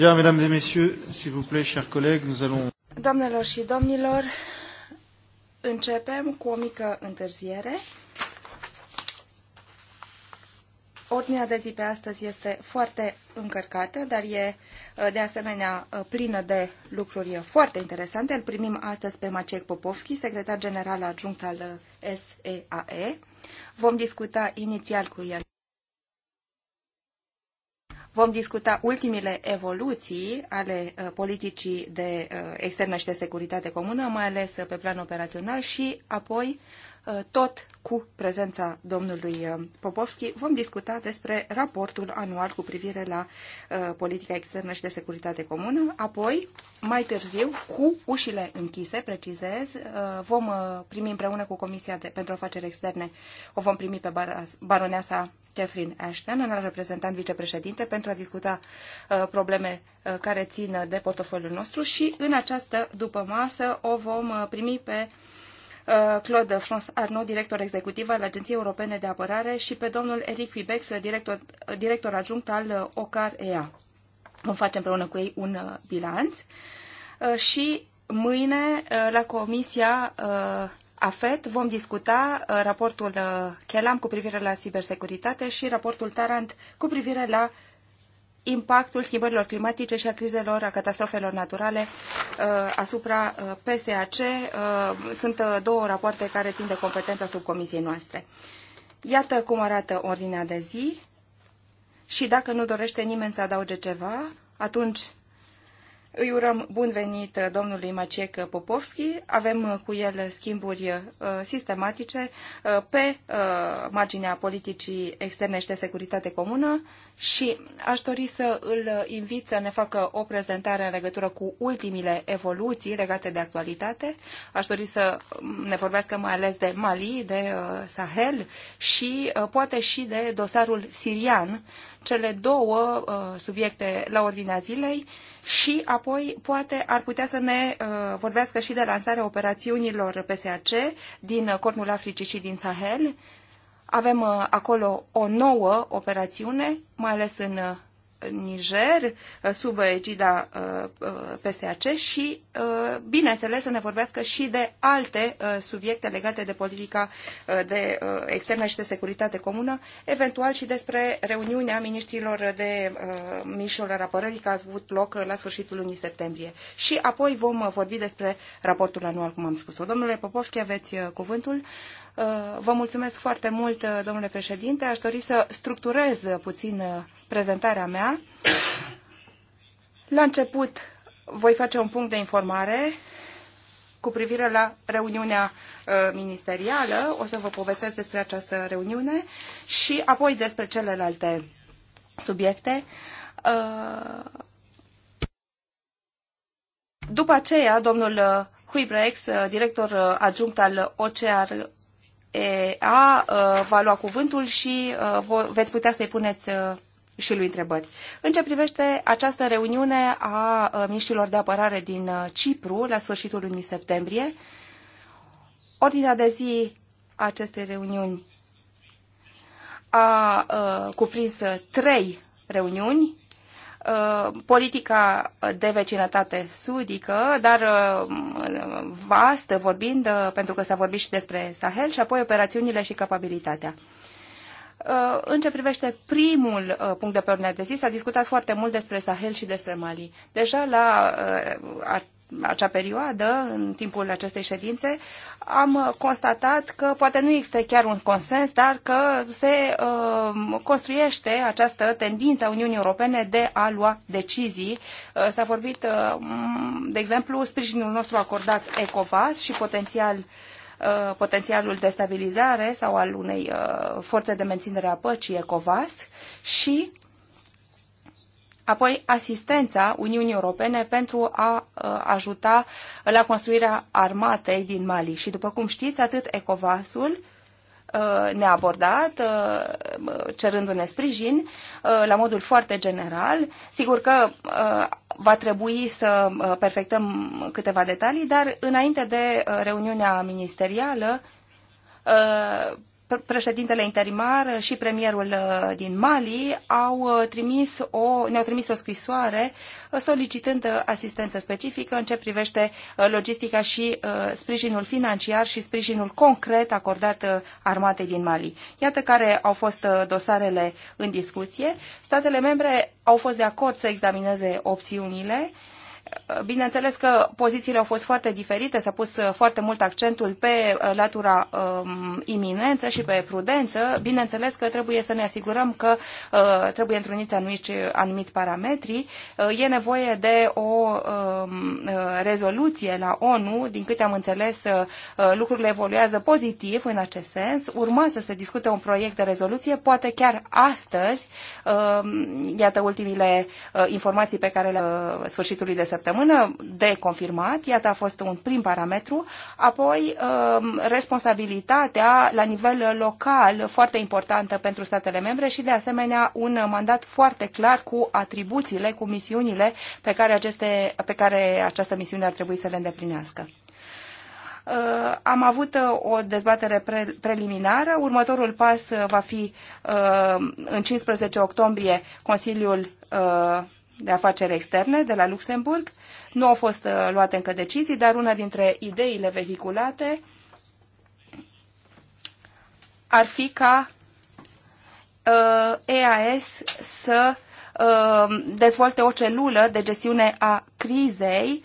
Bien, mesdames et messieurs, s'il vous plaît, chers collègues, nous allons... Doamnelor și domnilor, începem cu o mică întârziere. Ordinea de zi pe astăzi este foarte încărcată, dar e uh, de asemenea uh, plină de lucruri foarte interesante. Îl primim astăzi pe Macek Popovski, secretar general adjunct al uh, SEAE. Vom discuta inițial cu el Vom discuta ultimile evoluții ale uh, politicii de uh, externă și de securitate comună, mai ales uh, pe plan operațional și apoi Uh, tot cu prezența domnului uh, Popovski, vom discuta despre raportul anual cu privire la uh, politica externă și de securitate comună. Apoi, mai târziu, cu ușile închise, precizez, vom primi împreună cu Comisia de, pentru Afaceri Externe, o vom primi pe baroneasa Catherine Ashton, înalt reprezentant vicepreședinte, pentru a discuta probleme care țin de portofoliul nostru și în această după masă o vom primi pe uh, Uh, Claude François Arnaud, director executiv al Agenției Europene de Apărare și pe domnul Eric Huibex, director, director adjunct al uh, OCAR-EA. Vom face împreună cu ei un uh, bilanț și mâine la Comisia AFET vom discuta raportul Chelam cu privire la cibersecuritate și raportul Tarant cu privire la impactul schimbărilor climatice și a crizelor, a catastrofelor naturale uh, asupra uh, PSAC. Uh, sunt două rapoarte care țin de competența subcomisiei noastre. Iată cum arată ordinea de zi și dacă nu dorește nimeni să adauge ceva, atunci îi urăm bun venit domnului Maciek Popovski. Avem cu el schimburi sistematice pe marginea politicii externe și de securitate comună și aș dori să îl invit să ne facă o prezentare în legătură cu ultimile evoluții legate de actualitate. Aș dori să ne vorbească mai ales de Mali, de uh, Sahel și uh, poate și de dosarul sirian, cele două uh, subiecte la ordinea zilei și apoi poate ar putea să ne vorbească și de lansarea operațiunilor PSAC din Cornul Africii și din Sahel avem uh, acolo o nouă operațiune, mai ales în uh, Niger, uh, sub egida PSAC și, bineînțeles, să ne vorbească și de alte subiecte legate de politica de externă și de securitate comună, eventual și despre reuniunea ministrilor de mișilor apărării care a avut loc la sfârșitul lunii septembrie. Și apoi vom vorbi despre raportul anual, cum am spus-o. Domnule Popovski, aveți cuvântul. Uh, vă mulțumesc foarte mult, uh, domnule președinte. Aș dori să structurez uh, puțin prezentarea mea. La început voi face un punct de informare cu privire la reuniunea ministerială. O să vă povestesc despre această reuniune și apoi despre celelalte subiecte. După aceea, domnul Huibrex, director adjunct al OCR, a va lua cuvântul și veți putea să-i puneți și lui întrebări. În ce privește această reuniune a miștilor de apărare din Cipru la sfârșitul lunii septembrie, ordinea de zi a acestei reuniuni a, a cuprins trei reuniuni Uh, politica de vecinătate sudică, dar uh, vastă vorbind, uh, pentru că s-a vorbit și despre Sahel, și apoi operațiunile și capabilitatea. În ce privește primul punct de pe ordinea de zi, s-a discutat foarte mult despre Sahel și despre Mali. Deja la acea perioadă, în timpul acestei ședințe, am constatat că poate nu există chiar un consens, dar că se uh, construiește această tendință a Uniunii Europene de a lua decizii. Uh, s-a vorbit, uh, de exemplu, sprijinul nostru acordat ECOVAS și potențial uh, potențialul de stabilizare sau al unei uh, forțe de menținere a păcii ECOVAS și Apoi, asistența Uniunii Europene pentru a uh, ajuta la construirea armatei din Mali. Și după cum știți, atât ECOVAS-ul uh, ne-a abordat, uh, cerându-ne sprijin la modul foarte general. Sigur că va trebui să perfectăm câteva detalii, dar înainte de reuniunea ministerială, președintele interimar și premierul uh, din Mali au uh, trimis o, ne-au trimis o scrisoare uh, solicitând asistență specifică în ce privește logistica și sprijinul financiar și sprijinul concret acordat armatei din Mali. Iată care au fost dosarele în discuție. Statele membre au fost de acord să examineze opțiunile Bineînțeles că pozițiile au fost foarte diferite, s-a pus uh, foarte mult accentul pe uh, latura um, iminență și pe prudență. Bineînțeles că trebuie să ne asigurăm că uh, trebuie întruniți anumiți, anumiți parametri. Uh, e nevoie de o um, uh, rezoluție la ONU. Din câte am înțeles, uh, lucrurile evoluează pozitiv în acest sens. Urma să se discute un proiect de rezoluție, poate chiar astăzi. Uh, iată ultimile uh, informații pe care le uh, sfârșitului de săptămână săptămână de confirmat, iată a fost un prim parametru, apoi um, responsabilitatea la nivel local foarte importantă pentru statele membre și de asemenea un mandat foarte clar cu atribuțiile, cu misiunile pe care, aceste, pe care această misiune ar trebui să le îndeplinească uh, am avut uh, o dezbatere pre- preliminară. Următorul pas uh, va fi în 15 octombrie Consiliul de afaceri externe de la Luxemburg. Nu au fost uh, luate încă decizii, dar una dintre ideile vehiculate ar fi ca uh, EAS să uh, dezvolte o celulă de gestiune a crizei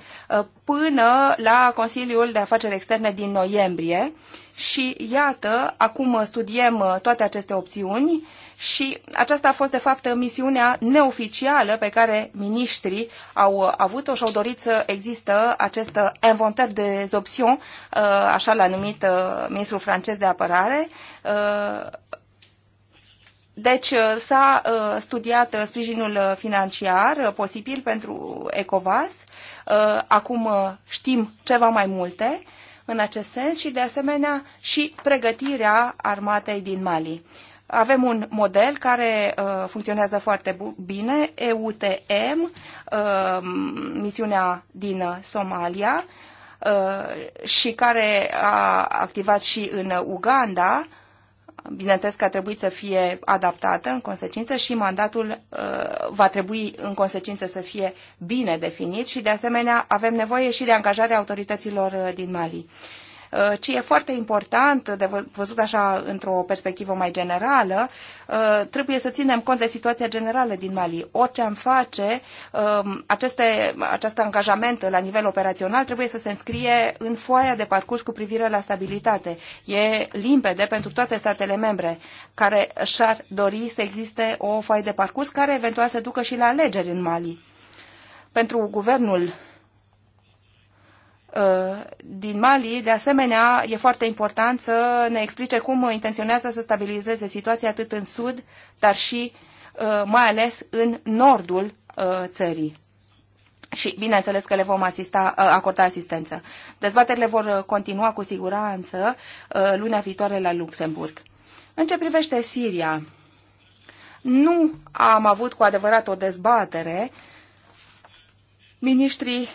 până la Consiliul de Afaceri Externe din noiembrie și iată, acum studiem toate aceste opțiuni și aceasta a fost, de fapt, misiunea neoficială pe care miniștrii au avut-o și au dorit să există acest inventat de options, uh, așa l-a numit uh, ministrul francez de apărare, uh, deci s-a studiat sprijinul financiar posibil pentru ECOVAS. Acum știm ceva mai multe în acest sens și, de asemenea, și pregătirea armatei din Mali. Avem un model care uh, funcționează foarte bine, EUTM, uh, misiunea din Somalia, uh, și care a activat și în Uganda, bineînțeles că a trebuit să fie adaptată în consecință și mandatul uh, va trebui în consecință să fie bine definit și de asemenea avem nevoie și de angajarea autorităților uh, din Mali. Uh, Uh, ce e foarte important, de văzut așa într-o perspectivă mai generală, uh, trebuie să ținem cont de situația generală din Mali. Orice am face, um, aceste, acest angajament la nivel operațional trebuie să se înscrie în foaia de parcurs cu privire la stabilitate. E limpede pentru toate statele membre care și-ar dori să existe o foaie de parcurs care eventual să ducă și la alegeri în Mali. Pentru guvernul Uh, din Mali. De asemenea, e foarte important să ne explice cum intenționează să stabilizeze situația atât în sud, dar și uh, mai ales în nordul uh, țării. Și bineînțeles că le vom asista, acorda asistență. Dezbaterile vor continua cu siguranță luna viitoare la Luxemburg. În ce privește Siria, nu am avut cu adevărat o dezbatere. Ministrii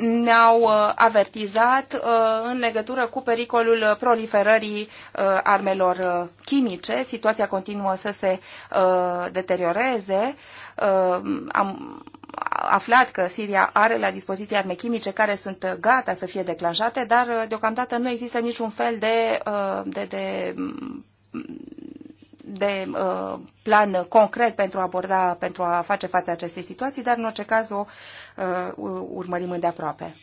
ne-au uh, avertizat uh, în legătură cu pericolul proliferării uh, armelor chimice. Situația continuă să se deterioreze. Am aflat că Siria are la dispoziție arme chimice care sunt gata să fie declanșate, dar deocamdată nu există niciun fel de, de, de de plan concret pentru a aborda, pentru a face față acestei situații, dar în orice caz o Uh, urmărim îndeaproape.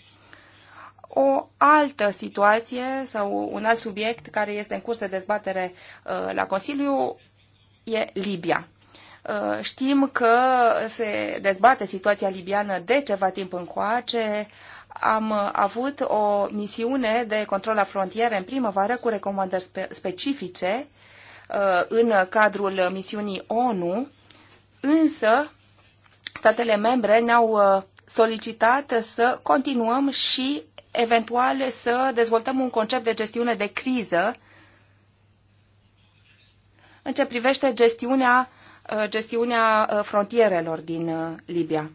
O altă situație sau un alt subiect care este în curs de dezbatere uh, la Consiliu e Libia. Uh, știm că se dezbate situația libiană de ceva timp încoace. Am avut o misiune de control la frontiere în primăvară cu recomandări specifice în cadrul misiunii ONU, însă statele membre ne-au solicitat să continuăm și eventual să dezvoltăm un concept de gestiune de criză în ce privește gestiunea, uh, gestiunea uh, frontierelor din uh, Libia.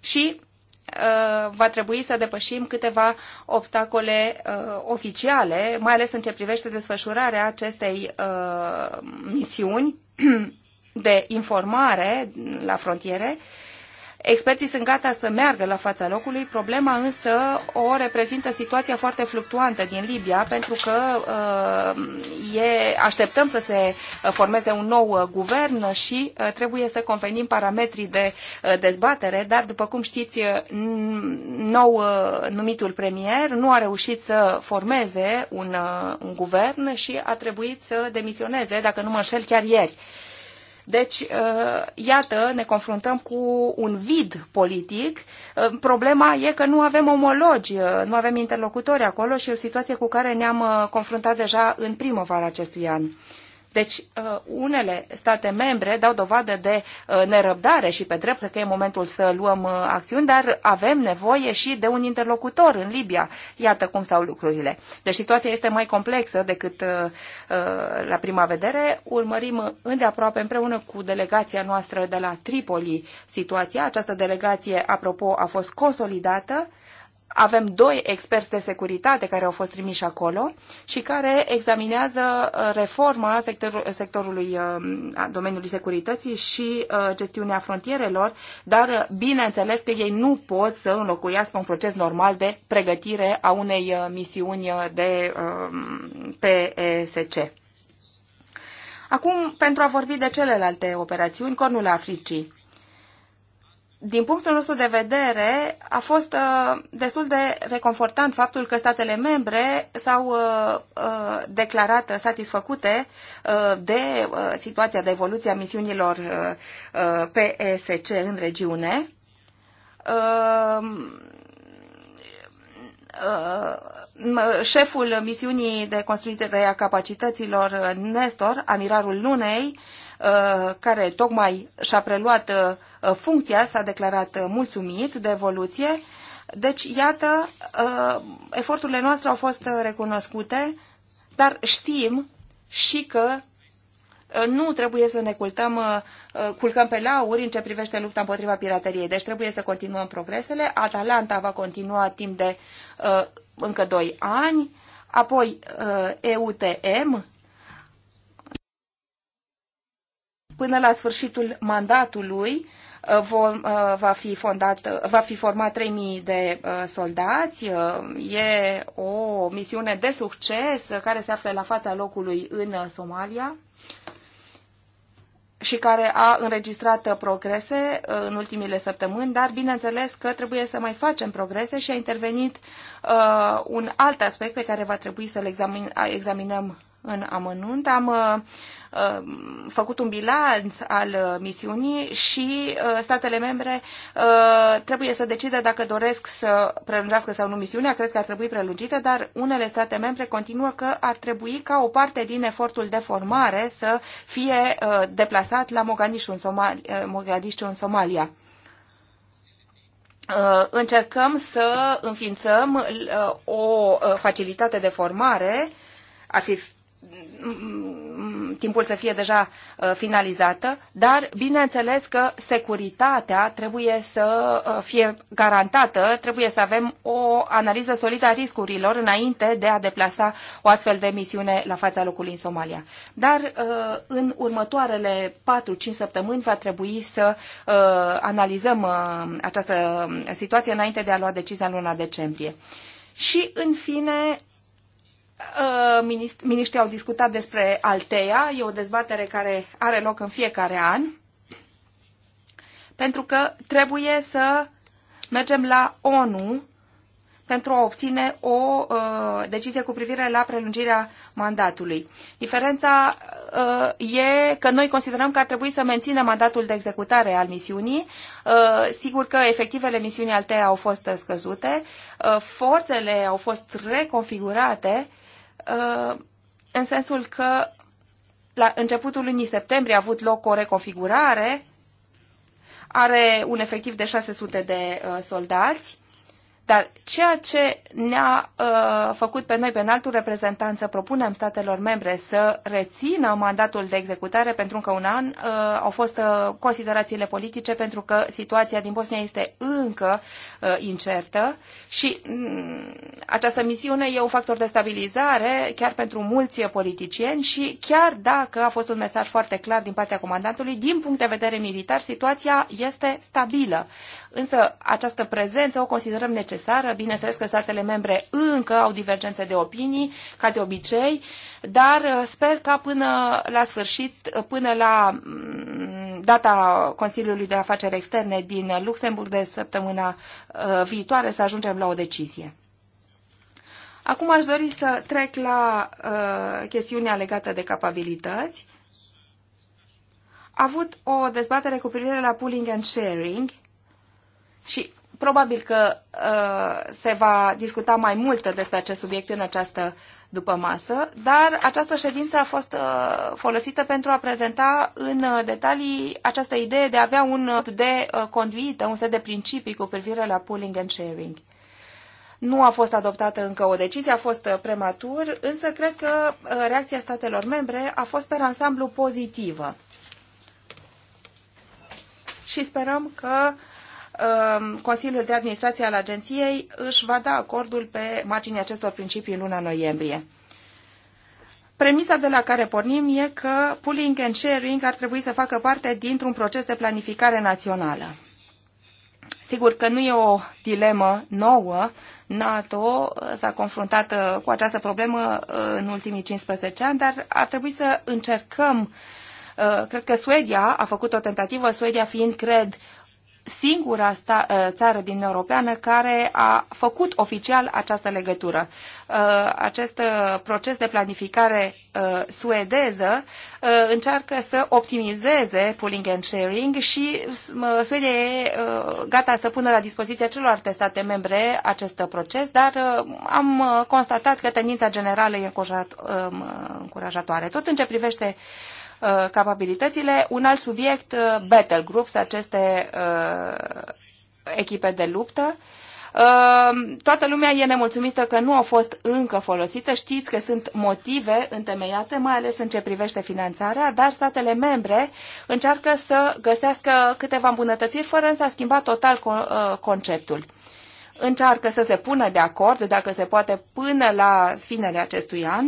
Și va trebui să depășim câteva obstacole oficiale, mai ales în ce privește desfășurarea acestei misiuni de informare la frontiere Experții sunt gata să meargă la fața locului, problema însă o reprezintă situația foarte fluctuantă din Libia, pentru că uh, e, așteptăm să se uh, formeze un nou uh, guvern și uh, trebuie să convenim parametrii de uh, dezbatere, dar după cum știți, uh, nou uh, numitul premier nu a reușit să formeze un, uh, un guvern și a trebuit să demisioneze, dacă nu mă înșel, chiar ieri. Uh, deci, uh, iată, ne confruntăm cu un vid politic. Uh, problema e că nu avem omologi, uh, nu avem interlocutori acolo și e o situație cu care ne-am confruntat deja în primăvara acestui an. Deci, uh, unele state membre dau dovadă de uh, nerăbdare și pe drept că e momentul să luăm uh, acțiuni, dar avem nevoie și de un interlocutor în Libia. Iată cum stau lucrurile. Deci, situația este mai complexă decât la prima vedere. Urmărim îndeaproape împreună cu delegația noastră de la Tripoli situația. Această delegație, apropo, a fost consolidată avem doi experți de securitate care au fost trimiși acolo și care examinează uh, reforma sector, sectorului uh, domeniului securității și uh, gestiunea frontierelor, dar bineînțeles că ei nu pot să înlocuiască un proces normal de pregătire a unei misiuni de um, PSC. Acum, pentru a vorbi de celelalte operațiuni, Cornul Africii din punctul nostru de vedere, a fost uh, destul de reconfortant faptul că statele membre s-au uh, uh, declarat satisfăcute de situația de evoluție a misiunilor PSC în regiune. șeful misiunii de construire a capacităților Nestor, amirarul Lunei, Uh, care tocmai și-a preluat uh, funcția, s-a declarat uh, mulțumit de evoluție. Deci, iată, eforturile noastre au fost recunoscute, dar știm și că nu trebuie să ne cultăm, culcăm pe lauri în ce privește lupta împotriva pirateriei. Deci trebuie să continuăm progresele. Atalanta va continua timp de uh, încă 2 ani, apoi uh, EUTM Până la sfârșitul mandatului uh, uh, va fi, fondat, uh, va fi format 3.000 de soldați. E o misiune de succes care se află la fața locului în Somalia și care a înregistrat progrese în ultimile săptămâni, dar bineînțeles că trebuie să mai facem progrese și a intervenit uh, un alt aspect pe care va trebui să-l examin, examinăm în amănunt. Am Uh, făcut un bilanț al uh, misiunii și uh, statele membre trebuie să decide dacă doresc să prelungească sau nu misiunea. Cred că ar trebui prelungită, dar unele state membre continuă că ar trebui ca o parte din efortul de formare să fie deplasat la Mogadishu în, Somali- Mogadishu în Somalia încercăm să înființăm o facilitate de formare, ar fi timpul să fie deja uh, finalizată, dar bineînțeles că securitatea trebuie să uh, fie garantată, trebuie să avem o analiză solidă a riscurilor înainte de a deplasa o astfel de misiune la fața locului în Somalia. Dar uh, în următoarele 4-5 săptămâni va trebui să analizăm această situație înainte de a lua decizia în luna decembrie. Și, în fine, Uh, miniștrii au discutat despre Altea, e o dezbatere care are loc în fiecare an, pentru că trebuie să mergem la ONU pentru a obține o uh, decizie cu privire la prelungirea mandatului. Diferența uh, e că noi considerăm că ar trebui să menținem mandatul de executare al misiunii. Uh, sigur că efectivele misiunii Altea au fost scăzute, uh, forțele au fost reconfigurate Uh, în sensul că la începutul lunii septembrie a avut loc o reconfigurare, are un efectiv de 600 de uh, soldați, dar ceea ce ne-a uh, făcut pe noi, pe înaltul reprezentant, să propunem statelor membre să rețină mandatul de executare pentru încă un an, uh, au fost uh, considerațiile politice pentru că situația din Bosnia este încă uh, incertă și um, această misiune e un factor de stabilizare chiar pentru mulți politicieni și chiar dacă a fost un mesaj foarte clar din partea comandantului, din punct de vedere militar, situația este stabilă însă această prezență o considerăm necesară. Bineînțeles că statele membre încă au divergențe de opinii, ca de obicei, dar uh, sper ca până la sfârșit, uh, până la mm, data Consiliului de Afaceri Externe din Luxemburg de săptămâna uh, viitoare să ajungem la o decizie. Acum aș dori să trec la uh, chestiunea legată de capabilități. A avut o dezbatere cu privire la pooling and sharing și probabil că uh, se va discuta mai mult despre acest subiect în această după masă, dar această ședință a fost uh, folosită pentru a prezenta în uh, detalii această idee de a avea un set uh, de uh, conduită, un set de principii cu privire la pooling and sharing. Nu a fost adoptată încă o decizie, a fost uh, prematur, însă cred că uh, reacția statelor membre a fost pe ansamblu pozitivă. Și sperăm că uh, Um, Consiliul de Administrație al Agenției își va da acordul pe marginea acestor principii în luna noiembrie. Premisa de la care pornim e că pooling and sharing ar trebui să facă parte dintr-un proces de planificare națională. Sigur că nu e o dilemă nouă. NATO s-a confruntat uh, cu această problemă uh, în ultimii 15 ani, dar ar trebui să încercăm uh, Cred că Suedia a făcut o tentativă, Suedia fiind, cred, singura sta, uh, țară din Europeană care a făcut oficial această legătură. Uh, acest uh, proces de planificare suedeză încearcă să optimizeze pooling and sharing și Suedia e gata să pună la dispoziția celorlalte state membre acest proces, dar am constatat că tendința generală e încurajatoare. Tot în ce privește uh, Uh, capabilitățile. Un alt subiect, uh, battle groups, aceste uh, echipe de luptă. Toată lumea e nemulțumită că nu au fost încă folosite. Știți că sunt motive întemeiate, mai ales în ce privește finanțarea, dar statele membre încearcă să găsească câteva îmbunătățiri fără însă a schimba total conceptul. Încearcă să se pună de acord, dacă se poate, până la finele acestui an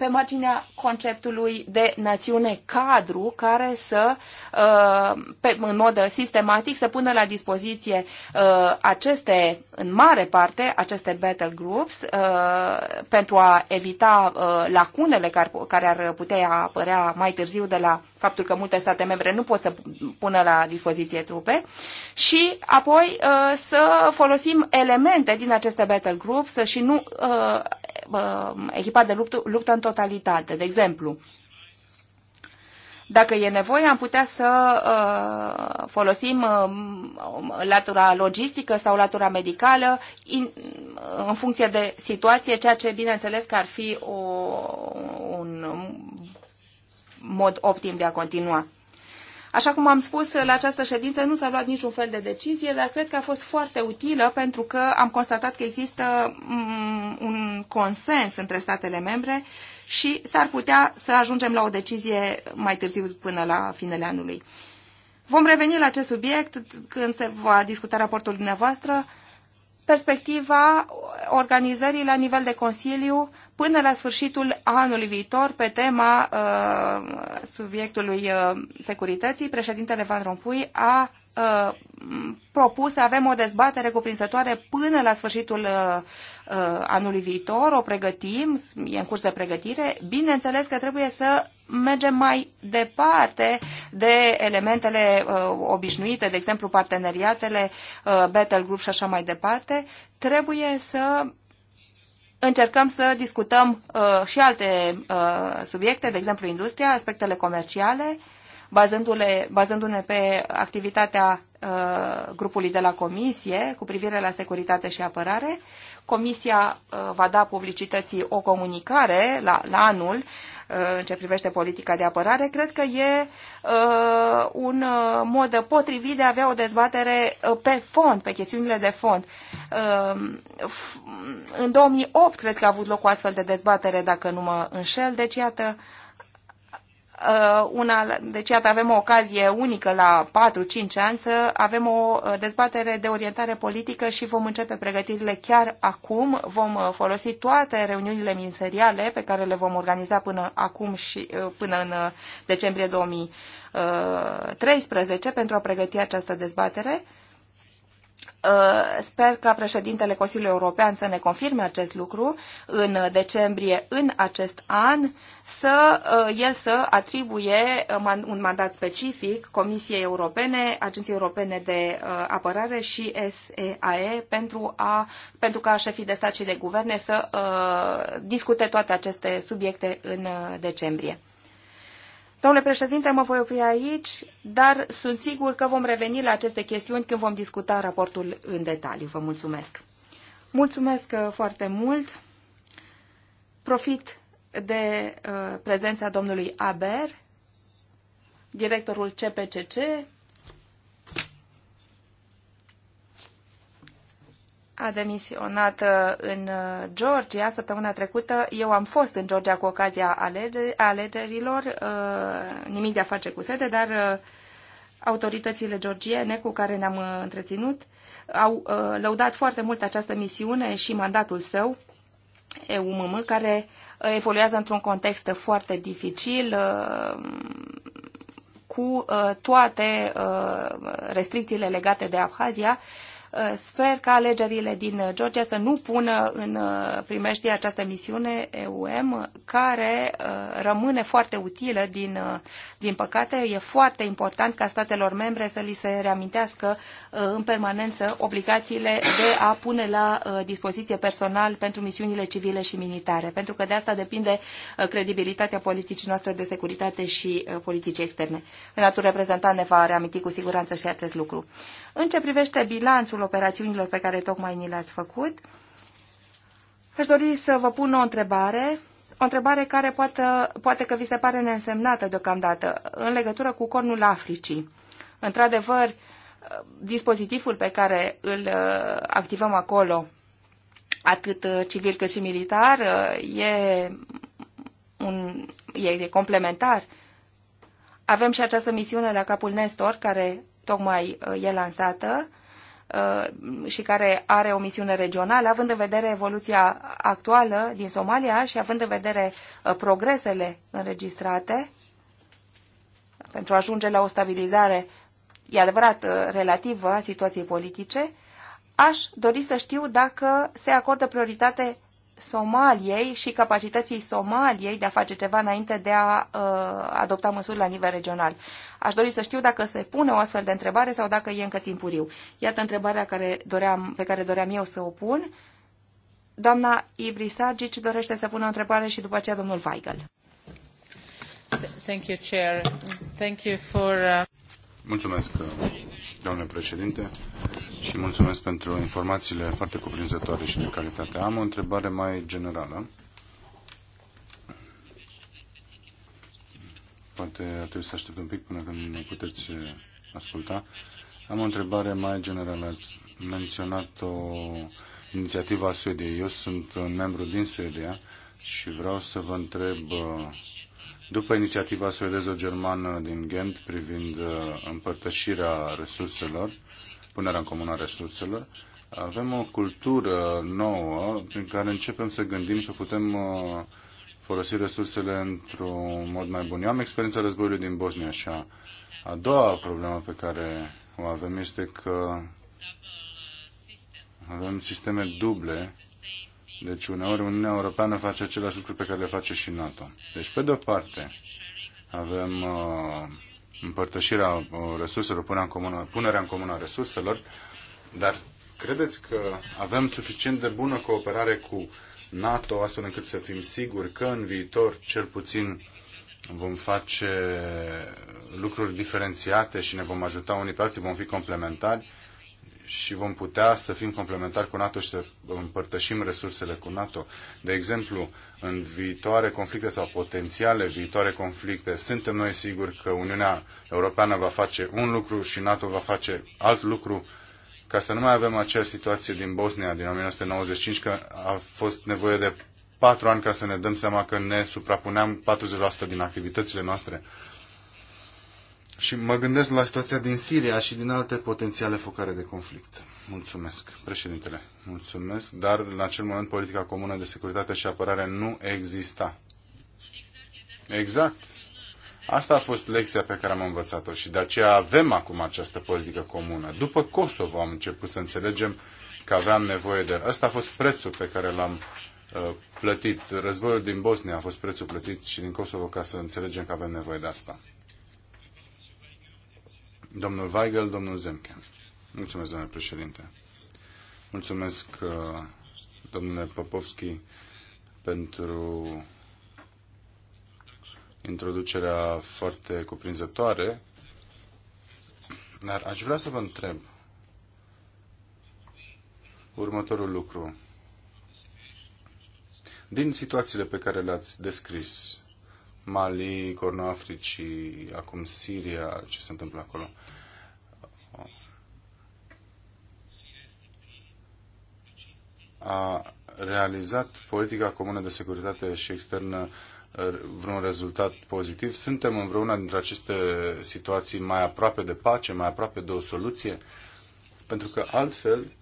pe marginea conceptului de națiune cadru care să, uh, pe, în mod sistematic, să pună la dispoziție uh, aceste, în mare parte, aceste battle groups uh, pentru a evita lacunele care ar putea apărea mai târziu de la faptul că multe state membre nu pot să pună la dispoziție trupe și apoi uh, să folosim elemente din aceste battle groups și nu uh, uh, echipa de luptă, luptă în totalitate. De exemplu, dacă e nevoie, am putea să uh, folosim uh, latura logistică sau latura medicală in, uh, în funcție de situație, ceea ce bineînțeles că ar fi o, un mod optim de a continua. Așa cum am spus, la această ședință nu s-a luat niciun fel de decizie, dar cred că a fost foarte utilă pentru că am constatat că există mm, un consens între statele membre și s-ar putea să ajungem la o decizie mai târziu până la finele anului. Vom reveni la acest subiect când se va discuta raportul dumneavoastră, perspectiva organizării la nivel de Consiliu până la sfârșitul anului viitor pe tema uh, subiectului uh, securității. Președintele Van Rompuy a uh, propus să avem o dezbatere cuprinsătoare până la sfârșitul uh, uh, anului viitor, o pregătim, e în curs de pregătire. Bineînțeles că trebuie să mergem mai departe de elementele uh, obișnuite, de exemplu parteneriatele, uh, battle group și așa mai departe. Trebuie să încercăm să discutăm uh, și alte uh, subiecte, de exemplu industria, aspectele comerciale, bazându-ne bazându pe activitatea uh, grupului de la Comisie cu privire la securitate și apărare. Comisia uh, va da publicității o comunicare la, la anul Uh, în ce privește politica de apărare, cred că e uh, un uh, mod potrivit de a avea o dezbatere pe fond, pe chestiunile de fond. În 2008 cred că a avut loc o astfel de dezbatere, dacă nu mă înșel, deci iată Uh, una, deci iată avem o ocazie unică la 4-5 ani să avem o uh, dezbatere de orientare politică și vom începe pregătirile chiar acum. Vom uh, folosi toate reuniunile ministeriale pe care le vom organiza până acum și până în decembrie 2013 pentru a pregăti această dezbatere Uh, sper ca președintele Consiliului European să ne confirme acest lucru în decembrie în acest an, să uh, el să atribuie uh, un mandat specific Comisiei Europene, Agenției Europene de Apărare și SEAE pentru, a, pentru ca șefii de stat și de guverne să discute toate aceste subiecte în decembrie. Domnule președinte, mă voi opri aici, dar sunt sigur că vom reveni la aceste chestiuni când vom discuta raportul în detaliu. Vă mulțumesc! Mulțumesc uh, foarte mult! Profit de uh, prezența domnului Aber, directorul CPCC, a demisionat uh, în uh, Georgia săptămâna trecută. Eu am fost în Georgia cu ocazia alegerilor, uh, nimic de a face cu sede, dar autoritățile georgiene cu care ne-am întreținut au lăudat foarte mult această misiune și mandatul său, EUMM, care evoluează într-un context foarte dificil, cu toate restricțiile legate de Abhazia Uh, sper ca alegerile din uh, Georgia să nu pună în uh, primeștie această misiune EUM, care rămâne foarte utilă, din, din păcate. E foarte important ca statelor membre să li se reamintească în permanență obligațiile de a pune la dispoziție personal pentru misiunile civile și militare, pentru că de asta depinde credibilitatea politicii noastre de securitate și politicii externe. În reprezentant ne va reaminti cu siguranță și acest lucru. În ce privește bilanțul cadrul operațiunilor pe care tocmai ni le-ați făcut. Aș dori să vă pun o întrebare, o întrebare care poate, poate că vi se pare neînsemnată deocamdată, în legătură cu cornul Africii. Într-adevăr, dispozitivul pe care îl uh, activăm acolo, atât uh, civil cât și militar, uh, e, un, e, e complementar. Avem și această misiune la capul Nestor, care tocmai e lansată. Uh, și care are o misiune regională, având în vedere evoluția actuală din Somalia și având în vedere uh, progresele înregistrate pentru a ajunge la o stabilizare, e adevărat, uh, relativă a situației politice, aș dori să știu dacă se acordă prioritate Somaliei și capacității Somaliei de a face ceva înainte de a uh, adopta măsuri la nivel regional. Aș dori să știu dacă se pune o astfel de întrebare sau dacă e încă timpuriu. Iată întrebarea care doream, pe care doream eu să o pun. Doamna Sargic dorește să pună o întrebare și după aceea domnul Weigel. Thank you, Chair. Thank you for, uh... Mulțumesc, domnule președinte, și mulțumesc pentru informațiile foarte cuprinzătoare și de calitate. Am o întrebare mai generală. Poate ar trebui să aștept un pic până când ne puteți eh, asculta. Am o întrebare mai generală. Ați menționat o inițiativă a Suediei. Eu sunt un membru din Suedia și vreau să vă întreb eh, după inițiativa suedeză germană din Ghent privind uh, împărtășirea resurselor, punerea în comună a resurselor, avem o cultură nouă prin care începem să gândim că putem uh, folosi resursele într-un mod mai bun. Eu am experiența războiului din Bosnia și a doua problemă pe care o avem este că avem sisteme duble deci uneori Uniunea Europeană face același lucru pe care le face și NATO. Deci pe de-o parte avem uh, împărtășirea uh, resurselor, punerea în, comună, punerea în comună a resurselor, dar credeți că avem suficient de bună cooperare cu NATO astfel încât să fim siguri că în viitor cel puțin vom face lucruri diferențiate și ne vom ajuta unii pe alții, vom fi complementari și vom putea să fim complementari cu NATO și să împărtășim resursele cu NATO. De exemplu, în viitoare conflicte sau potențiale viitoare conflicte, suntem noi siguri că Uniunea Europeană va face un lucru și NATO va face alt lucru ca să nu mai avem acea situație din Bosnia din 1995, că a fost nevoie de patru ani ca să ne dăm seama că ne suprapuneam 40% din activitățile noastre și mă gândesc la situația din Siria și din alte potențiale focare de conflict. Mulțumesc, președintele. Mulțumesc, dar în acel moment politica comună de securitate și apărare nu exista. Exact. Asta a fost lecția pe care am învățat-o și de aceea avem acum această politică comună. După Kosovo am început să înțelegem că aveam nevoie de... Asta a fost prețul pe care l-am uh, plătit. Războiul din Bosnia a fost prețul plătit și din Kosovo ca să înțelegem că avem nevoie de asta. Domnul Weigel, domnul Zemke. Mulțumesc, domnule președinte. Mulțumesc, uh, domnule Popovski, pentru introducerea foarte cuprinzătoare, dar aș vrea să vă întreb următorul lucru. Din situațiile pe care le-ați descris, Mali, Cornul Africii, acum Siria, ce se întâmplă acolo. A realizat politica comună de securitate și externă uh, vreun rezultat pozitiv? Suntem în vreuna dintre aceste situații mai aproape de pace, mai aproape de o soluție? Pentru că altfel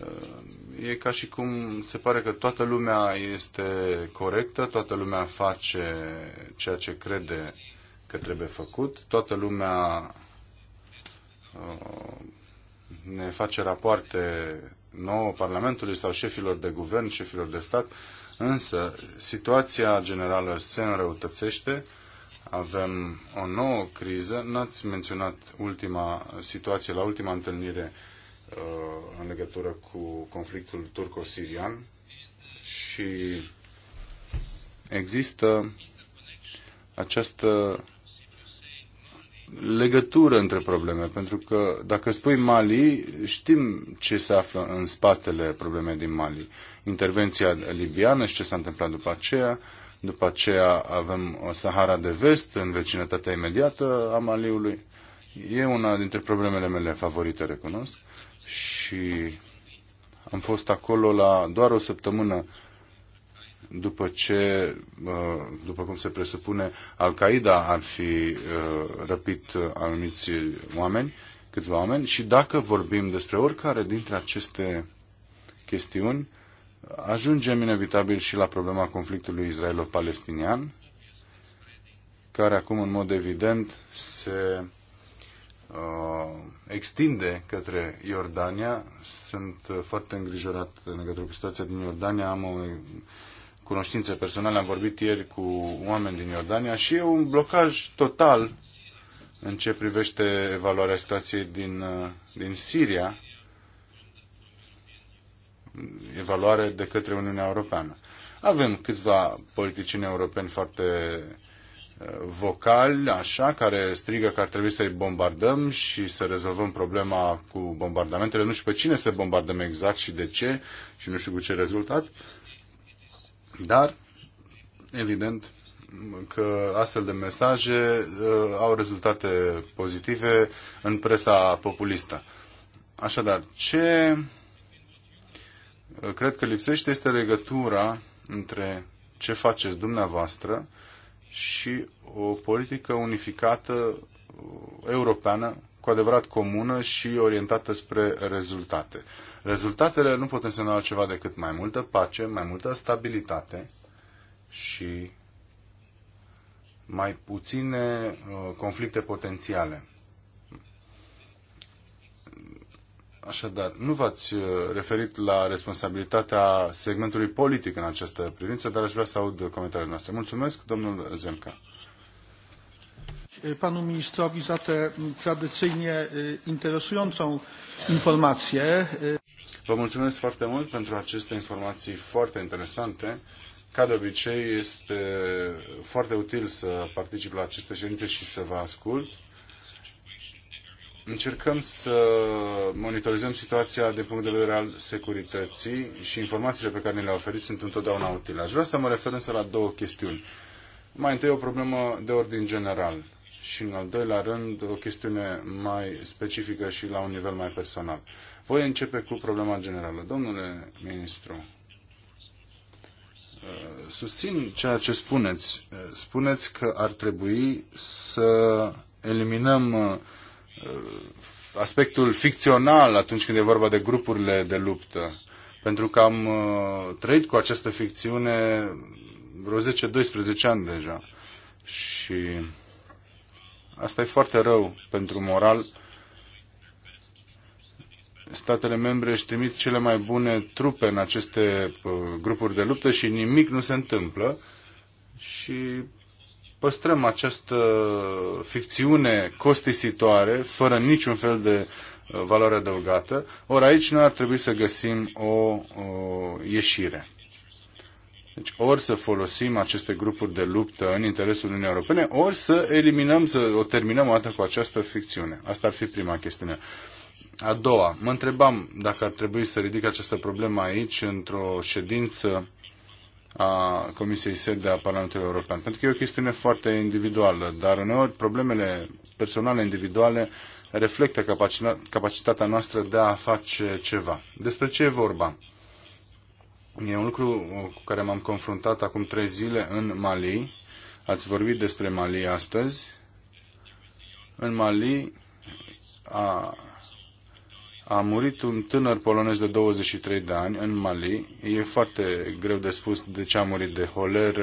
Ehm, e ca și cum se pare că toată lumea este corectă, toată lumea face ceea ce crede că trebuie făcut, toată lumea ehm, ne face rapoarte nouă Parlamentului sau șefilor de guvern, șefilor de stat, însă situația generală se înrăutățește, avem o nouă criză, n-ați menționat ultima situație la ultima întâlnire Uh, în legătură cu conflictul turco-sirian și există această legătură între probleme, pentru că dacă spui Mali, știm ce se află în spatele problemei din Mali. Intervenția libiană și ce s-a întâmplat după aceea, după aceea avem Sahara de Vest în vecinătatea imediată a Maliului E una dintre problemele mele favorite, recunosc, și am fost acolo la doar o săptămână după ce, uh, după cum se presupune, Al-Qaeda ar fi uh, răpit anumiți oameni, câțiva oameni, și dacă vorbim despre oricare dintre aceste chestiuni, ajungem inevitabil și la problema conflictului israelo-palestinian, care acum, în mod evident, se Uh, extinde către Iordania. Sunt uh, foarte îngrijorat în legătură cu situația din Iordania. Am o cunoștință personală Am vorbit ieri cu oameni din Iordania și e un blocaj total în ce privește evaluarea situației din, uh, din Siria, evaluare de către Uniunea Europeană. Avem câțiva politicieni europeni foarte uh, vocali, așa, care strigă că ar trebui să-i bombardăm și să rezolvăm problema cu bombardamentele. Nu știu pe cine să bombardăm exact și de ce și nu știu cu ce rezultat, dar, evident, că astfel de mesaje uh, au rezultate pozitive în presa populistă. Așadar, ce uh, cred că lipsește este legătura între ce faceți dumneavoastră și o politică unificată uh, europeană, cu adevărat comună și orientată spre rezultate. Rezultatele nu pot însemna altceva decât mai multă pace, mai multă stabilitate și mai puține uh, conflicte potențiale. Așadar, nu v-ați uh, referit la responsabilitatea segmentului politic în această privință, dar aș vrea să aud comentariile noastre. Mulțumesc, domnul Zemca. Panu ministrowi za tę tradycyjnie interesującą informację. Vă mulțumesc foarte mult pentru aceste informații foarte interesante. Ca de obicei, este foarte util să particip la aceste ședințe și să vă ascult încercăm să monitorizăm situația din punct de vedere al securității și informațiile pe care ne le-a oferit sunt întotdeauna utile. Aș vrea să mă refer însă la două chestiuni. Mai întâi o problemă de ordin general și în al doilea rând o chestiune mai specifică și la un nivel mai personal. Voi începe cu problema generală. Domnule ministru, susțin ceea ce spuneți. Spuneți că ar trebui să eliminăm Uh, aspectul ficțional atunci când e vorba de grupurile de luptă. Pentru că am uh, trăit cu această ficțiune vreo 10-12 ani deja. Și asta e foarte rău pentru moral. Statele membre își trimit cele mai bune trupe în aceste uh, grupuri de luptă și nimic nu se întâmplă. Și păstrăm această ficțiune costisitoare, fără niciun fel de uh, valoare adăugată, ori aici noi ar trebui să găsim o, o ieșire. Deci ori să folosim aceste grupuri de luptă în interesul Uniunii Europene, ori să eliminăm, să o terminăm o dată cu această ficțiune. Asta ar fi prima chestiune. A doua, mă întrebam dacă ar trebui să ridic această problemă aici într-o ședință a Comisiei SED a Parlamentului European. Pentru că e o chestiune foarte individuală, dar uneori problemele personale individuale reflectă capacitatea noastră de a face ceva. Despre ce e vorba? E un lucru cu care m-am confruntat acum trei zile în Mali. Ați vorbit despre Mali astăzi. În Mali a a murit un tânăr polonez de 23 de ani în Mali. E foarte greu de spus de ce a murit de holer,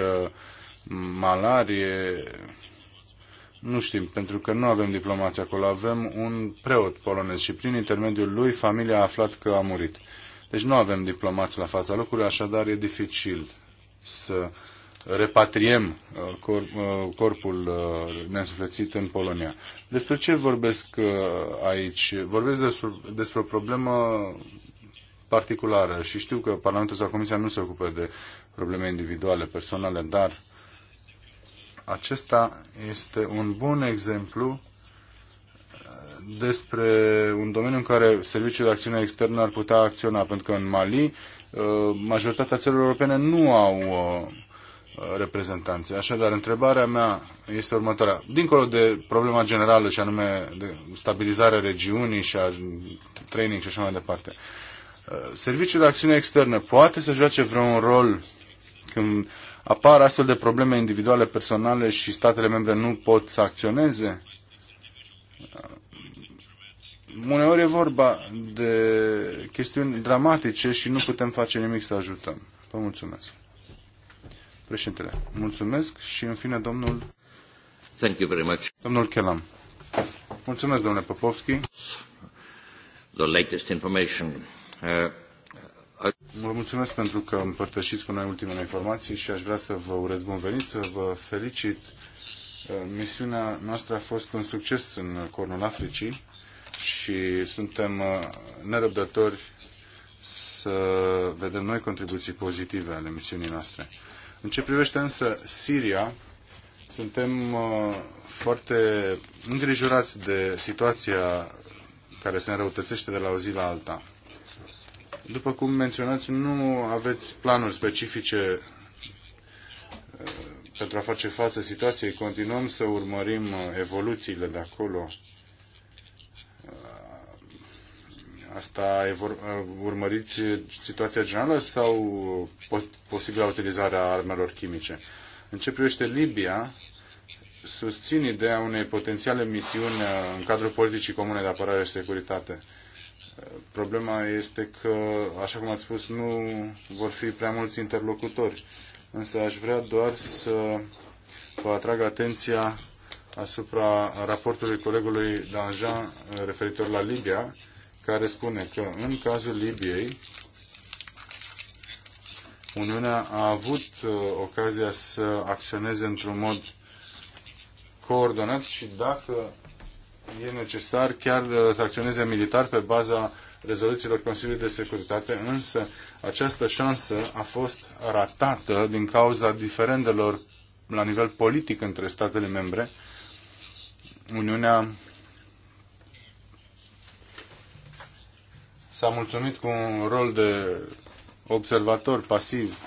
malarie, nu știm, pentru că nu avem diplomați acolo, avem un preot polonez și prin intermediul lui familia a aflat că a murit. Deci nu avem diplomați la fața locului, așadar e dificil să repatriem uh, uh, corpul uh, neînsuflețit în Polonia. Despre ce vorbesc aici? Vorbesc despre o problemă particulară și știu că Parlamentul sau Comisia nu se ocupă de probleme individuale, personale, dar acesta este un bun exemplu despre un domeniu în care Serviciul de Acțiune Externă ar putea acționa, pentru că în Mali majoritatea țărilor europene nu au reprezentanții. Așadar, întrebarea mea este următoarea. Dincolo de problema generală și anume de stabilizarea regiunii și a training și așa mai departe, uh, Serviciul de Acțiune Externă poate să joace vreun rol când apar astfel de probleme individuale, personale și statele membre nu pot să acționeze? Uh, uneori e vorba de chestiuni dramatice și nu putem face nimic să ajutăm. Vă mulțumesc. Președintele, mulțumesc și în fine domnul... Thank you very much. Domnul Chelam. Mulțumesc, domnule Popovski. The latest information. Uh, uh, Vă mulțumesc pentru că împărtășiți cu noi ultimele informații și aș vrea să vă urez bun venit, să vă felicit. Uh, misiunea noastră a fost un succes în Cornul Africii și suntem uh, nerăbdători să vedem noi contribuții pozitive ale misiunii noastre. În ce privește însă Siria, suntem uh, foarte îngrijorați de situația care se înrăutățește de la o zi la alta. După cum menționați, nu aveți planuri specifice uh, pentru a face față situației. Continuăm să urmărim uh, evoluțiile de acolo Asta e urmăriți situația generală sau posibilă utilizarea armelor chimice? În ce privește Libia, susțin ideea unei potențiale misiuni uh, în cadrul politicii comune de apărare și securitate. Uh, problema este că, așa cum ați spus, nu vor fi prea mulți interlocutori. Însă aș vrea doar să vă atrag atenția asupra raportului colegului Danjean uh, referitor la Libia, care spune că în cazul Libiei Uniunea a avut uh, ocazia să acționeze într-un mod coordonat și dacă e necesar chiar uh, să acționeze militar pe baza rezoluțiilor Consiliului de Securitate, însă această șansă a fost ratată din cauza diferendelor la nivel politic între statele membre. Uniunea s-a mulțumit cu un rol de observator pasiv.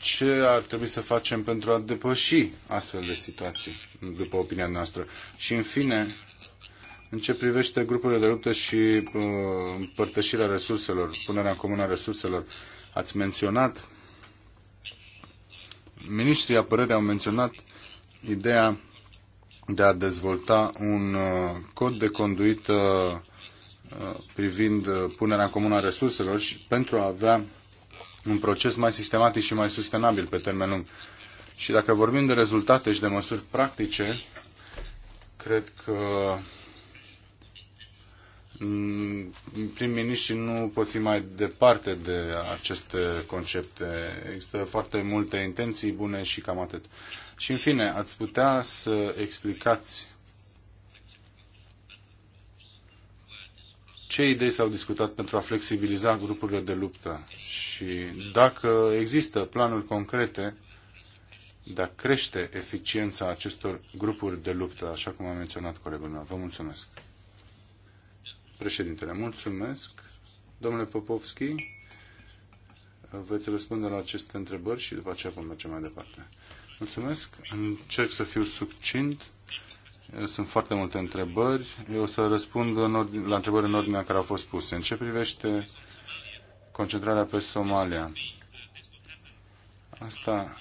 Ce ar trebui să facem pentru a depăși astfel de situații, după opinia noastră? Și, în fine, în ce privește grupurile de luptă și uh, împărtășirea resurselor, punerea în comună a resurselor, ați menționat, ministrii apărării au menționat ideea de a dezvolta un uh, cod de conduită uh, Uh, privind uh, punerea în comună a resurselor și pentru a avea un proces mai sistematic și mai sustenabil pe termen lung. Și dacă vorbim de rezultate și de măsuri practice, cred că mm, prim-miniștrii nu pot fi mai departe de aceste concepte. Există foarte multe intenții bune și cam atât. Și în fine, ați putea să explicați ce idei s-au discutat pentru a flexibiliza grupurile de luptă și dacă există planuri concrete de a crește eficiența acestor grupuri de luptă, așa cum a menționat colegul meu. Vă mulțumesc. Președintele, mulțumesc. Domnule Popovski, veți răspunde la aceste întrebări și după aceea vom merge mai departe. Mulțumesc. Încerc să fiu succint. Sunt foarte multe întrebări. Eu o să răspund în ordine, la întrebări în ordinea care au fost puse. În ce privește concentrarea pe Somalia? Asta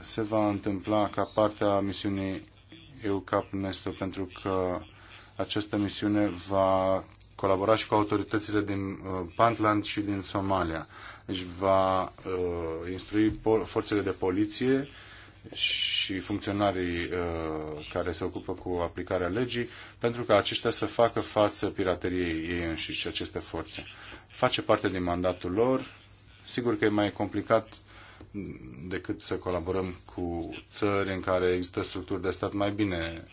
se va întâmpla ca parte a misiunii EUCAP Nestor, pentru că această misiune va colabora și cu autoritățile din uh, Puntland și din Somalia. Deci va uh, instrui forțele de poliție și funcționarii uh, care se ocupă cu aplicarea legii, pentru ca aceștia să facă față pirateriei ei înșiși aceste forțe. Face parte din mandatul lor. Sigur că e mai complicat decât să colaborăm cu țări în care există structuri de stat mai bine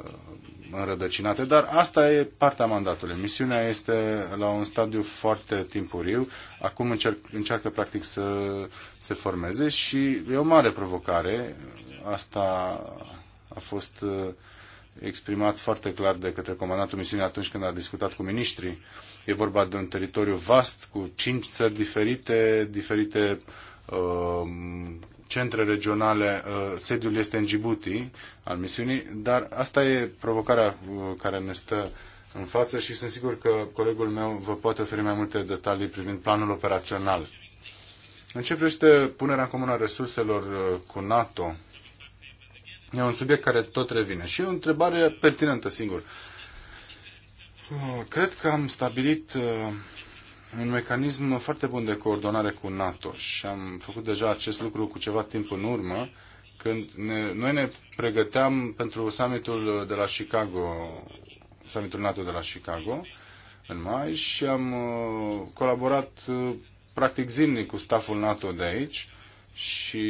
Uh, înrădăcinate, dar asta e partea mandatului. Misiunea este la un stadiu foarte timpuriu. Acum încerc, încearcă practic să se formeze și e o mare provocare. Asta a fost uh, exprimat foarte clar de către comandantul misiunii atunci când a discutat cu miniștrii. E vorba de un teritoriu vast cu cinci țări diferite, diferite uh, centre regionale, uh, sediul este în Djibouti al misiunii, dar asta e provocarea uh, care ne stă în față și sunt sigur că colegul meu vă poate oferi mai multe detalii privind planul operațional. În ce privește punerea în comun a resurselor uh, cu NATO, e un subiect care tot revine și e o întrebare pertinentă, singur. Cred că am stabilit un mecanism foarte bun de coordonare cu NATO și am făcut deja acest lucru cu ceva timp în urmă, când ne, noi ne pregăteam pentru summitul de la Chicago, summitul NATO de la Chicago, în mai și am uh, colaborat uh, practic zilnic cu staful NATO de aici și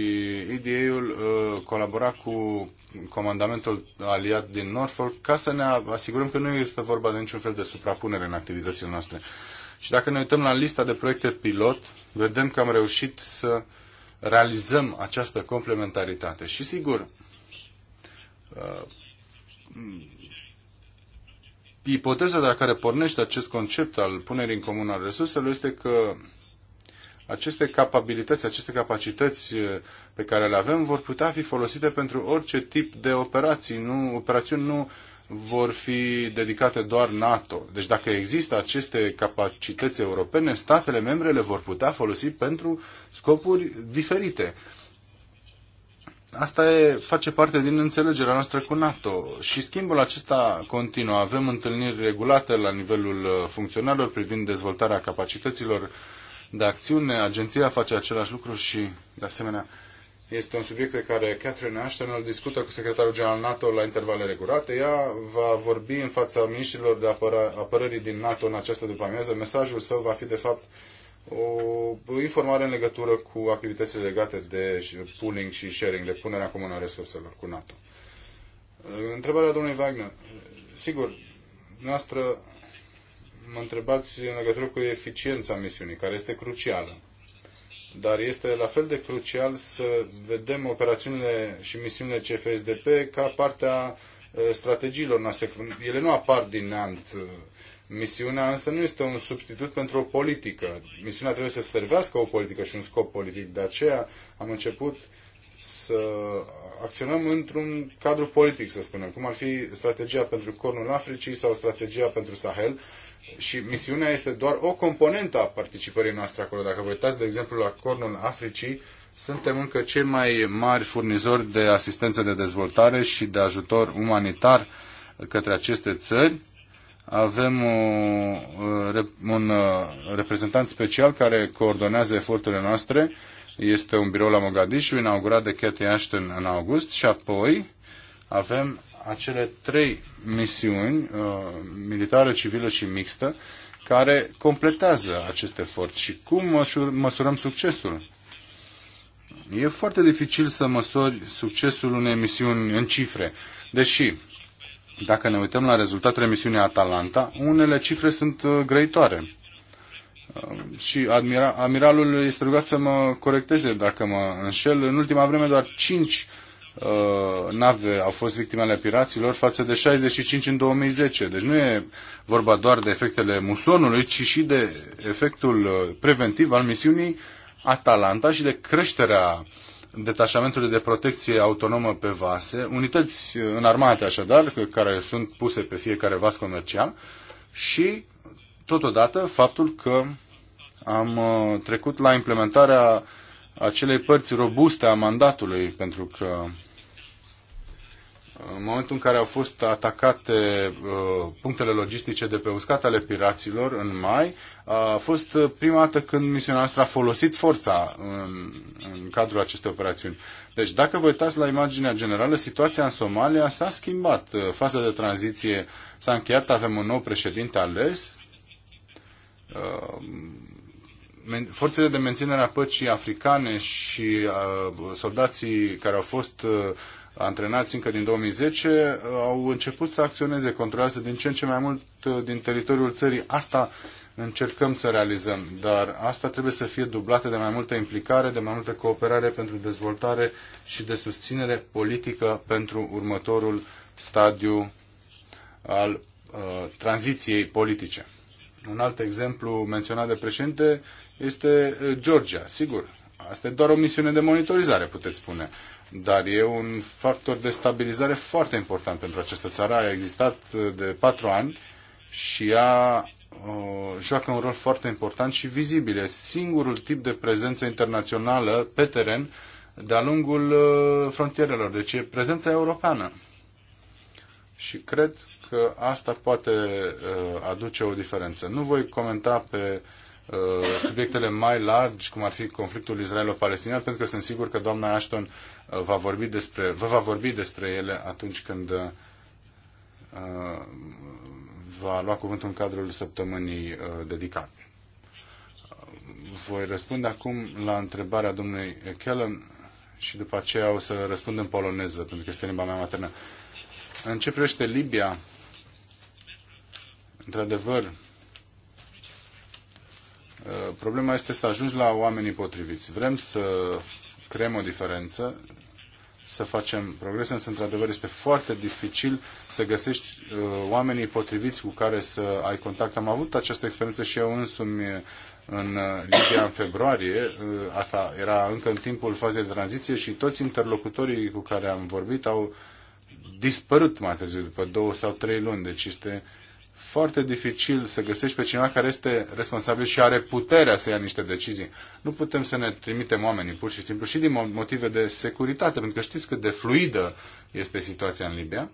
IDA-ul uh, colabora cu comandamentul aliat din Norfolk ca să ne asigurăm că nu este vorba de niciun fel de suprapunere în activitățile noastre. Și dacă ne uităm la lista de proiecte pilot, vedem că am reușit să realizăm această complementaritate. Și sigur, uh, ipoteza de la care pornește acest concept al punerii în comun al resurselor este că aceste capabilități, aceste capacități uh, pe care le avem vor putea fi folosite pentru orice tip de operații, nu, operațiuni nu uh, vor fi dedicate doar NATO. Deci dacă există aceste capacități europene, statele membre le vor putea folosi pentru scopuri diferite. Asta e, face parte din înțelegerea noastră cu NATO și schimbul acesta continuă. Avem întâlniri regulate la nivelul uh, funcționarilor privind dezvoltarea capacităților de acțiune. Agenția face același lucru și, de asemenea, uh, este un subiect pe care Catherine Ashton îl discută cu secretarul general NATO la intervale regulate. Ea va vorbi în fața miniștrilor de apăra, apărării din NATO în această după amiază. Mesajul său va fi, de fapt, o informare în legătură cu activitățile legate de pooling și sharing, de punerea comună a resurselor cu NATO. Întrebarea domnului Wagner. Sigur, noastră mă întrebați în legătură cu eficiența misiunii, care este crucială dar este la fel de crucial să vedem operațiunile și misiunile CFSDP ca partea uh, strategiilor noastre. Ele nu apar din neant. Uh, misiunea însă nu este un substitut pentru o politică. Misiunea trebuie să servească o politică și un scop politic. De aceea am început să acționăm într-un cadru politic, să spunem, cum ar fi strategia pentru Cornul Africii sau strategia pentru Sahel, și misiunea este doar o componentă a participării noastre acolo. Dacă vă uitați, de exemplu, la Cornul Africii, suntem încă cei mai mari furnizori de asistență de dezvoltare și de ajutor umanitar către aceste țări. Avem uh, un uh, reprezentant special care coordonează eforturile noastre. Este un birou la Mogadishu, inaugurat de Cathy Ashton în august și apoi avem acele trei misiuni, uh, militară, civilă și mixtă, care completează acest efort și cum măsurăm succesul. E foarte dificil să măsori succesul unei misiuni în cifre, deși, dacă ne uităm la rezultatele misiunii Atalanta, unele cifre sunt uh, grăitoare. Uh, și admira, amiralul este rugat să mă corecteze dacă mă înșel. În ultima vreme doar 5 Uh, nave au fost victime ale piraților față de 65 în 2010. Deci nu e vorba doar de efectele musonului, ci și de efectul uh, preventiv al misiunii Atalanta și de creșterea detașamentului de protecție autonomă pe vase, unități uh, armate așadar, care sunt puse pe fiecare vas comercial și totodată faptul că am trecut la implementarea acelei părți robuste a mandatului, pentru că în momentul în care au fost atacate uh, punctele logistice de pe uscat ale piraților în mai, a fost prima dată când misiunea noastră a folosit forța în, în cadrul acestei operațiuni. Deci, dacă vă uitați la imaginea generală, situația în Somalia s-a schimbat. Faza de tranziție s-a încheiat, avem un nou președinte ales. Uh, forțele de menținere a păcii africane și uh, soldații care au fost uh, antrenați încă din 2010 uh, au început să acționeze, controlează din ce în ce mai mult uh, din teritoriul țării. Asta încercăm să realizăm, dar asta trebuie să fie dublată de mai multă implicare, de mai multă cooperare pentru dezvoltare și de susținere politică pentru următorul stadiu al uh, tranziției politice. Un alt exemplu menționat de președinte este uh, Georgia, sigur. Asta e doar o misiune de monitorizare, puteți spune. Dar e un factor de stabilizare foarte important pentru această țară. A existat uh, de patru ani și ea uh, joacă un rol foarte important și vizibil. E singurul tip de prezență internațională pe teren de-a lungul uh, frontierelor. Deci e prezența europeană. Și cred că asta poate uh, aduce o diferență. Nu voi comenta pe uh, Uh, subiectele mai largi, cum ar fi conflictul israelo-palestinian, pentru că sunt sigur că doamna Ashton uh, va vorbi despre, vă va vorbi despre ele atunci când uh, va lua cuvântul în cadrul săptămânii dedicat. Voi răspunde acum la întrebarea domnului Kellen și după aceea o să răspund în poloneză, pentru că este limba mea maternă. În ce privește Libia, într-adevăr, Uh, problema este să ajungi la oamenii potriviți. Vrem să creăm o diferență, să facem progres, însă într-adevăr este foarte dificil să găsești uh, oamenii potriviți cu care să ai contact. Am avut această experiență și eu însumi în uh, Libia în februarie, uh, asta era încă în timpul fazei de tranziție și toți interlocutorii cu care am vorbit au dispărut mai târziu, după două sau trei luni. Deci este uh, foarte dificil să găsești pe cineva care este responsabil și are puterea să ia niște decizii. Nu putem să ne trimitem oamenii pur și simplu și din motive de securitate, pentru că știți cât de fluidă este situația în Libia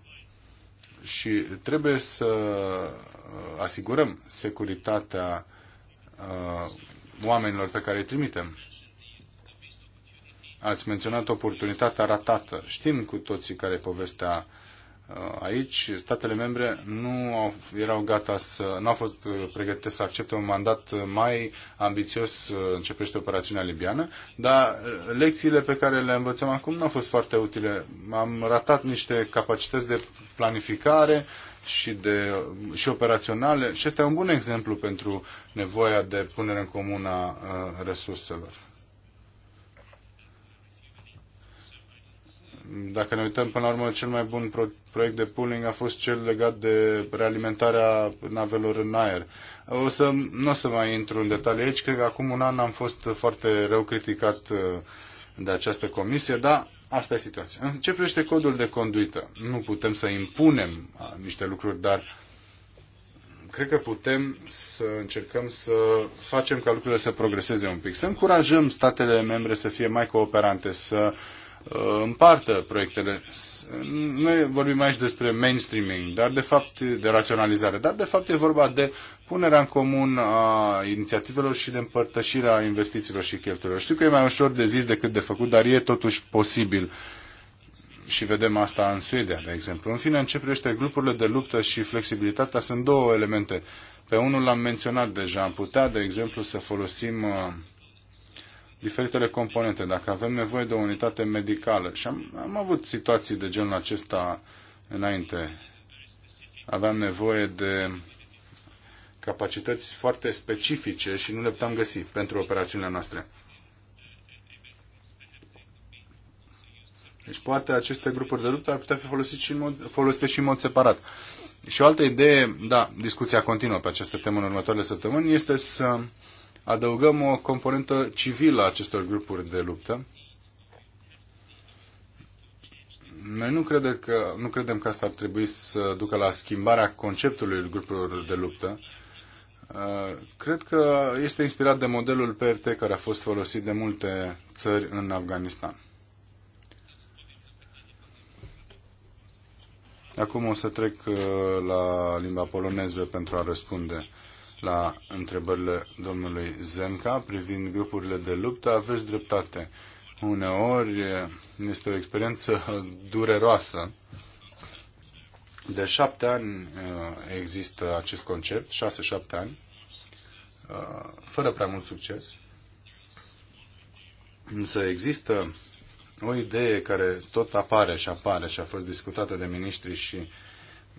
și trebuie să uh, asigurăm securitatea uh, oamenilor pe care îi trimitem. Ați menționat oportunitatea ratată. Știm cu toții care e povestea Uh, aici statele membre nu au, erau gata să, nu au fost uh, pregătite să accepte un mandat uh, mai ambițios în ce privește operațiunea libiană, dar lecțiile pe care le învățăm acum nu au fost foarte utile. Am ratat niște capacități de planificare și, de, și operaționale și este un bun exemplu pentru nevoia de punere în comun a resurselor. Dacă ne uităm până la urmă, cel mai bun pro- proiect de pooling a fost cel legat de realimentarea navelor în aer. O să, nu o să mai intru în detalii aici, cred că acum un an am fost foarte rău criticat uh, de această comisie, dar asta e situația. În ce privește codul de conduită? Nu putem să impunem uh, niște lucruri, dar cred că putem să încercăm să facem ca lucrurile să progreseze un pic, să încurajăm statele membre să fie mai cooperante, să uh, Uh, împartă proiectele. Noi vorbim aici despre mainstreaming, dar de fapt de raționalizare, dar de fapt e vorba de punerea în comun a inițiativelor și de împărtășirea investițiilor și cheltuielor. Știu că e mai ușor de zis decât de făcut, dar e totuși posibil. Și vedem asta în Suedia, de exemplu. În fine, în ce privește grupurile de luptă și flexibilitatea, sunt două elemente. Pe unul l-am menționat deja. Am putea, de exemplu, să folosim uh, diferitele componente, dacă avem nevoie de o unitate medicală. Și am, am avut situații de genul acesta înainte. Aveam nevoie de capacități foarte specifice și nu le puteam găsi pentru operațiunile noastre. Deci poate aceste grupuri de luptă ar putea fi folosite și în mod, folosite și în mod separat. Și o altă idee, da, discuția continuă pe această temă în următoarele săptămâni, este să uh, adăugăm o componentă civilă a acestor grupuri de luptă. Noi nu, crede că, nu credem că asta ar trebui să ducă la schimbarea conceptului grupurilor de luptă. Uh, cred că este inspirat de modelul PRT care a fost folosit de multe țări în Afganistan. Acum o să trec uh, la limba poloneză pentru a răspunde la întrebările domnului Zenca privind grupurile de luptă, aveți dreptate. Uneori este o experiență dureroasă. De șapte ani există acest concept, șase-șapte ani, fără prea mult succes. Însă există o idee care tot apare și apare și a fost discutată de miniștri și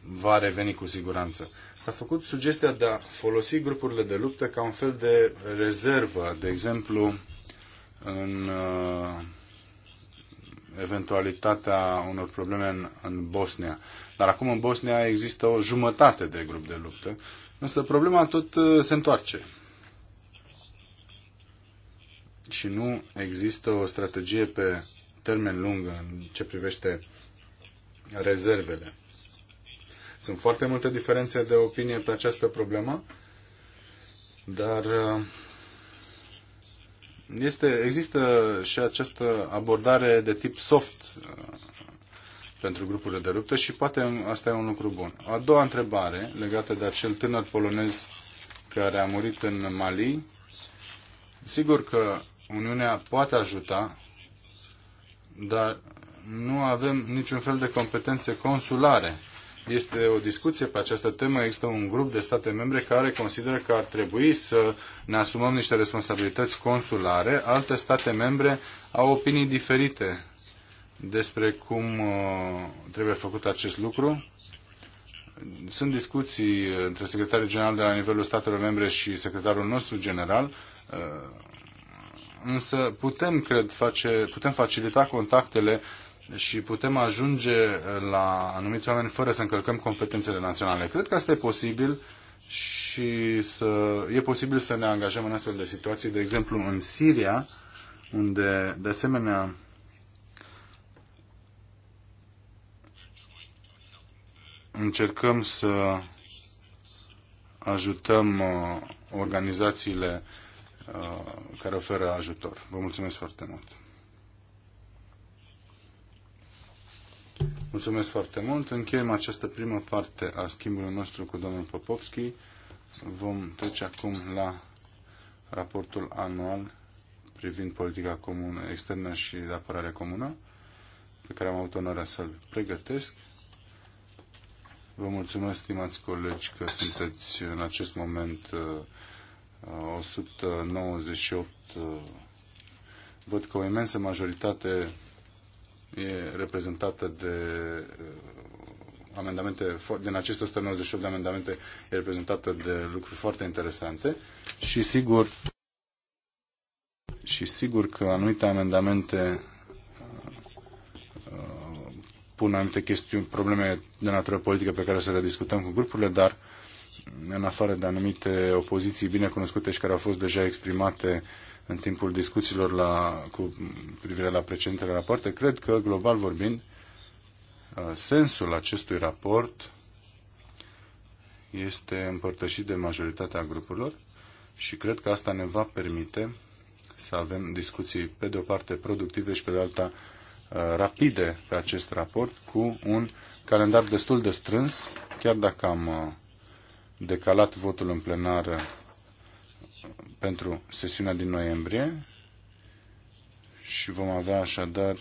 va reveni cu siguranță. S-a făcut sugestia de a folosi grupurile de luptă ca un fel de rezervă, de exemplu, în uh, eventualitatea unor probleme în, în Bosnia. Dar acum în Bosnia există o jumătate de grup de luptă, însă problema tot uh, se întoarce. Și nu există o strategie pe termen lung în ce privește rezervele. Sunt foarte multe diferențe de opinie pe această problemă, dar uh, este, există și această abordare de tip soft uh, pentru grupurile de luptă și poate asta e un lucru bun. A doua întrebare legată de acel tânăr polonez care a murit în Mali. Sigur că Uniunea poate ajuta, dar nu avem niciun fel de competențe consulare este o discuție pe această temă. Există un grup de state membre care consideră că ar trebui să ne asumăm niște responsabilități consulare. Alte state membre au opinii diferite despre cum uh, trebuie făcut acest lucru. Sunt discuții între secretarul general de la nivelul statelor membre și secretarul nostru general uh, însă putem, cred, face, putem facilita contactele și putem ajunge la anumiți oameni fără să încălcăm competențele naționale. Cred că asta e posibil și să, e posibil să ne angajăm în astfel de situații, de exemplu în Siria, unde de asemenea încercăm să ajutăm uh, organizațiile uh, care oferă ajutor. Vă mulțumesc foarte mult! Mulțumesc foarte mult. Încheiem această primă parte a schimbului nostru cu domnul Popovski. Vom trece acum la raportul anual privind politica comună, externă și de apărare comună, pe care am avut onoarea să-l pregătesc. Vă mulțumesc, stimați colegi, că sunteți în acest moment 198. Uh, uh, văd că o imensă majoritate e reprezentată de uh, amendamente, din aceste 198 de amendamente e reprezentată de lucruri foarte interesante și sigur și sigur că anumite amendamente uh, pun anumite chestiuni, probleme de natură politică pe care să le discutăm cu grupurile, dar în afară de anumite opoziții bine cunoscute și care au fost deja exprimate în timpul discuțiilor la, cu privire la precedentele rapoarte, cred că, global vorbind, uh, sensul acestui raport este împărtășit de majoritatea grupurilor și cred că asta ne va permite să avem discuții, pe de o parte, productive și, pe de alta, uh, rapide pe acest raport, cu un calendar destul de strâns, chiar dacă am uh, decalat votul în plenară pentru sesiunea din noiembrie și vom avea așadar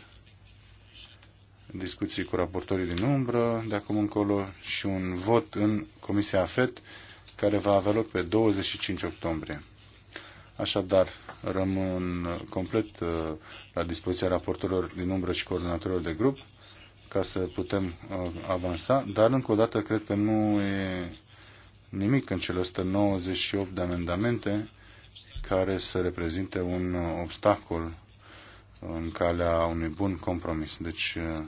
discuții cu raportorii din umbră de acum încolo și un vot în Comisia AFET care va avea loc pe 25 octombrie. Așadar, rămân complet uh, la dispoziția raportorilor din umbră și coordonatorilor de grup ca să putem uh, avansa, dar încă o dată cred că nu e nimic în cele 198 de amendamente care să reprezinte un obstacol în calea unui bun compromis. Deci eh,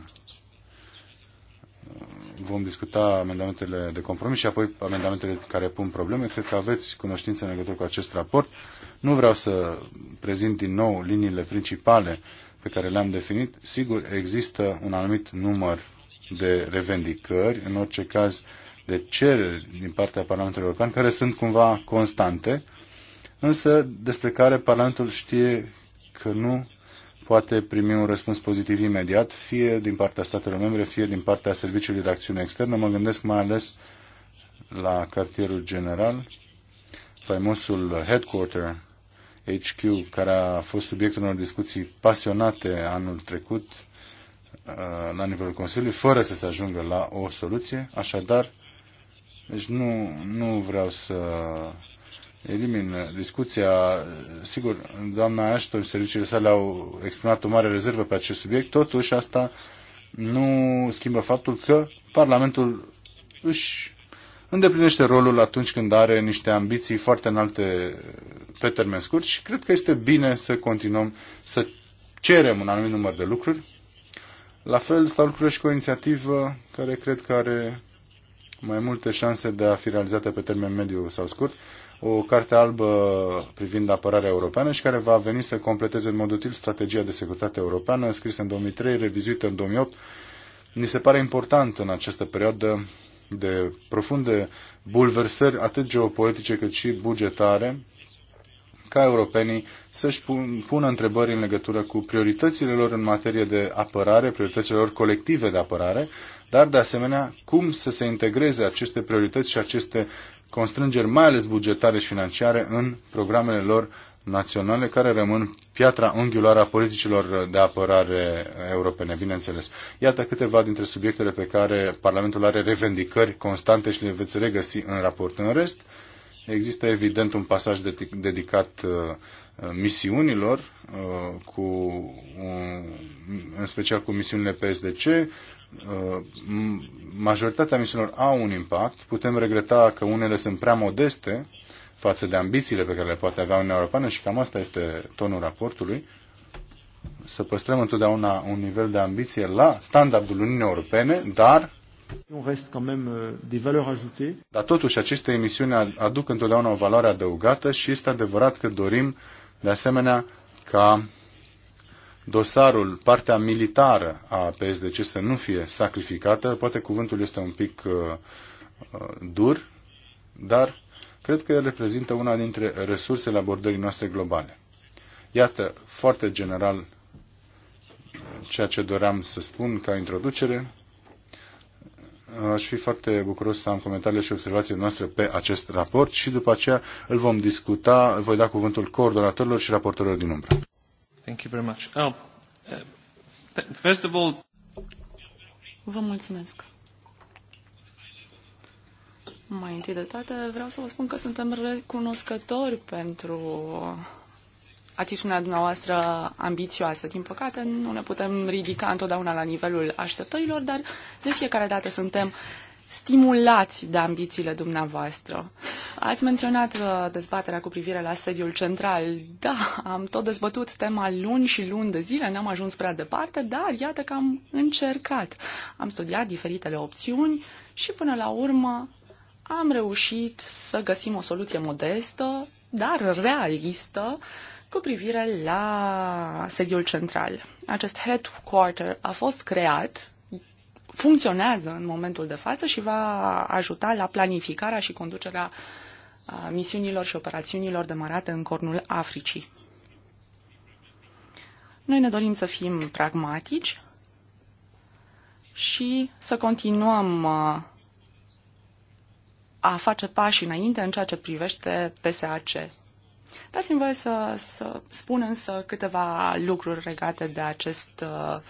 vom discuta amendamentele de compromis și apoi amendamentele care pun probleme. Cred că aveți cunoștință în legătură cu acest raport. Nu vreau să prezint din nou liniile principale pe care le-am definit. Sigur, există un anumit număr de revendicări, în orice caz de cereri din partea Parlamentului European, care sunt cumva constante însă despre care Parlamentul știe că nu poate primi un răspuns pozitiv imediat, fie din partea statelor membre, fie din partea Serviciului de Acțiune Externă. Mă gândesc mai ales la cartierul general, faimosul headquarter HQ, care a fost subiectul unor discuții pasionate anul trecut uh, la nivelul Consiliului, fără să se ajungă la o soluție. Așadar, deci nu, nu vreau să elimin discuția. Sigur, doamna Ashton serviciile sale au exprimat o mare rezervă pe acest subiect, totuși asta nu schimbă faptul că Parlamentul își îndeplinește rolul atunci când are niște ambiții foarte înalte pe termen scurt și cred că este bine să continuăm să cerem un anumit număr de lucruri. La fel stau lucrurile și cu o inițiativă care cred că are mai multe șanse de a fi realizată pe termen mediu sau scurt, o carte albă privind apărarea europeană și care va veni să completeze în mod util strategia de securitate europeană scrisă în 2003, revizuită în 2008. Ni se pare important în această perioadă de profunde bulversări atât geopolitice cât și bugetare ca europenii să-și pună întrebări în legătură cu prioritățile lor în materie de apărare, prioritățile lor colective de apărare, dar de asemenea cum să se integreze aceste priorități și aceste constrângeri, mai ales bugetare și financiare, în programele lor naționale, care rămân piatra unghiulară a politicilor de apărare europene, bineînțeles. Iată câteva dintre subiectele pe care Parlamentul are revendicări constante și le veți regăsi în raport. În rest, există evident un pasaj dedicat uh, misiunilor, uh, cu, în special cu misiunile PSDC, Uh, majoritatea misiunilor au un impact. Putem regreta că unele sunt prea modeste față de ambițiile pe care le poate avea Uniunea Europeană și cam asta este tonul raportului. Să păstrăm întotdeauna un nivel de ambiție la standardul Uniunii Europene, dar On reste quand même euh, des valeurs ajoutées. Dar totuși aceste emisiuni aduc întotdeauna o valoare adăugată și este adevărat că dorim de asemenea ca dosarul, partea militară a PSDC să nu fie sacrificată. Poate cuvântul este un pic uh, uh, dur, dar cred că el reprezintă una dintre resursele abordării noastre globale. Iată, foarte general, ceea ce doream să spun ca introducere. Aș fi foarte bucuros să am comentariile și observațiile noastre pe acest raport și după aceea îl vom discuta, voi da cuvântul coordonatorilor și raportorilor din umbră. Thank you very much. Oh, uh, first of all... Vă mulțumesc. Mai întâi de toate, vreau să vă spun că suntem recunoscători pentru atitudinea dumneavoastră ambițioasă. Din păcate, nu ne putem ridica întotdeauna la nivelul așteptărilor, dar de fiecare dată suntem stimulați de ambițiile dumneavoastră. Ați menționat uh, dezbaterea cu privire la sediul central. Da, am tot dezbătut tema luni și luni de zile, n-am ajuns prea departe, dar iată că am încercat. Am studiat diferitele opțiuni și până la urmă am reușit să găsim o soluție modestă, dar realistă, cu privire la sediul central. Acest headquarter a fost creat funcționează în momentul de față și va ajuta la planificarea și conducerea misiunilor și operațiunilor demarate în cornul Africii. Noi ne dorim să fim pragmatici și să continuăm a face pași înainte în ceea ce privește PSAC. Dați-mi voie să, să spun însă câteva lucruri legate de acest uh,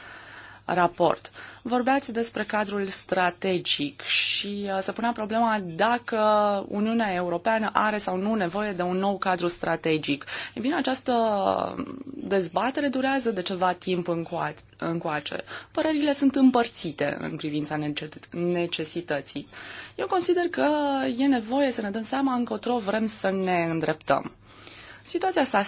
raport. Vorbeați despre cadrul strategic și uh, se punea problema dacă Uniunea Europeană are sau nu nevoie de un nou cadru strategic. E bine, această dezbatere durează de ceva timp încoace. Părerile sunt împărțite în privința necesității. Eu consider că e nevoie să ne dăm seama încotro vrem să ne îndreptăm. Situația s-a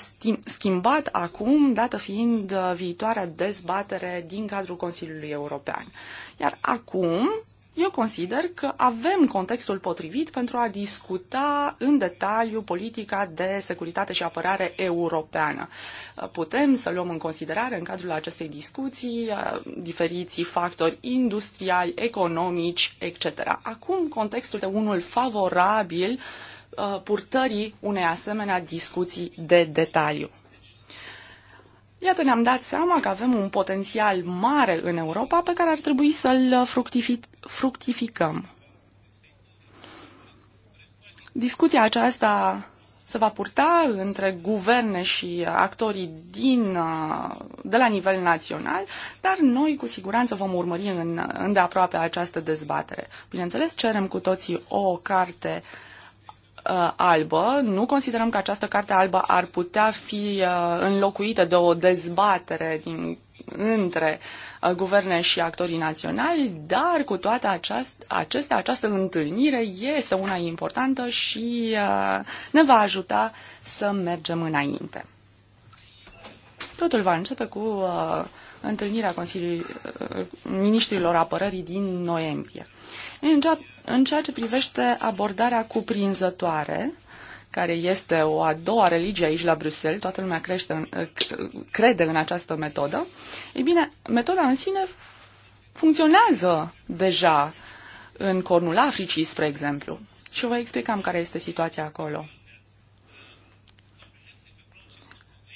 schimbat acum, dată fiind uh, viitoarea dezbatere din cadrul Consiliului European. Iar acum eu consider că avem contextul potrivit pentru a discuta în detaliu politica de securitate și apărare europeană. Uh, putem să luăm în considerare în cadrul acestei discuții uh, diferiții factori industriali, economici, etc. Acum contextul este unul favorabil uh, Uh, purtării unei asemenea discuții de detaliu. Iată, ne-am dat seama că avem un potențial mare în Europa pe care ar trebui să-l uh, fructificăm. Discuția aceasta se va purta între guverne și actorii din, uh, de la nivel național, dar noi cu siguranță vom urmări în, îndeaproape această dezbatere. Bineînțeles, cerem cu toții o carte uh, Uh, albă, nu considerăm că această carte albă ar putea fi uh, înlocuită de o dezbatere din, între uh, guverne și actorii naționali, dar cu toate aceast, acestea, această întâlnire este una importantă și ne va ajuta să mergem înainte. Totul va începe cu uh, întâlnirea Consiliului uh, Ministrilor Apărării din noiembrie. În ceea ce privește abordarea cuprinzătoare, care este o a doua religie aici la Bruxelles, toată lumea crește, în crede în această metodă, E bine, metoda în sine funcționează deja în cornul Africii, spre exemplu. Și vă explicam care este situația acolo.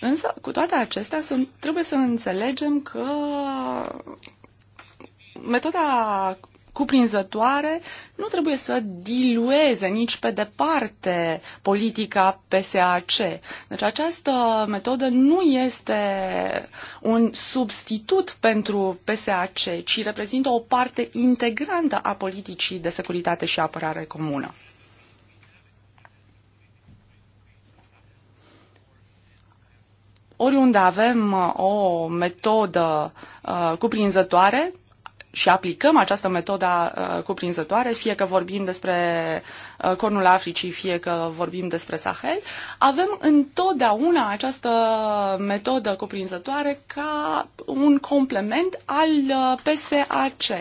Însă, cu toate acestea, sunt, trebuie să înțelegem că metoda cuprinzătoare nu trebuie să dilueze nici pe departe politica PSAC. Deci această metodă nu este un substitut pentru PSAC, ci reprezintă o parte integrantă a politicii de securitate și apărare comună. Oriunde avem uh, o metodă uh, cuprinzătoare, și aplicăm această metodă uh, cuprinzătoare, fie că vorbim despre uh, Cornul Africii, fie că vorbim despre Sahel, avem întotdeauna această metodă cuprinzătoare ca un complement al uh, PSAC.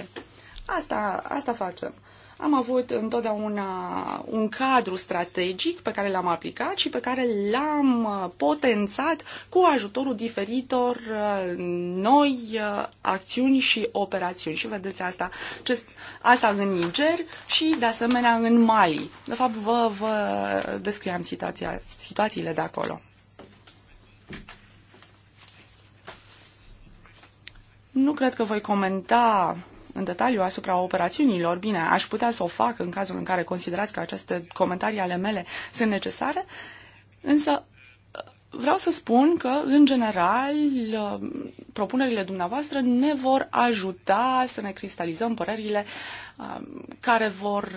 Asta, asta facem. Am avut întotdeauna un cadru strategic pe care l-am aplicat și pe care l-am uh, potențat cu ajutorul diferitor uh, noi uh, acțiuni și operațiuni. Și vedeți asta, ce, asta în Niger și de asemenea în Mali. De fapt, vă, vă descriam situația, situațiile de acolo. Nu cred că voi comenta în detaliu asupra operațiunilor, bine, aș putea să o fac în cazul în care considerați că aceste comentarii ale mele sunt necesare, însă uh, vreau să spun că, în general, uh, propunerile dumneavoastră ne vor ajuta să ne cristalizăm părerile uh, care vor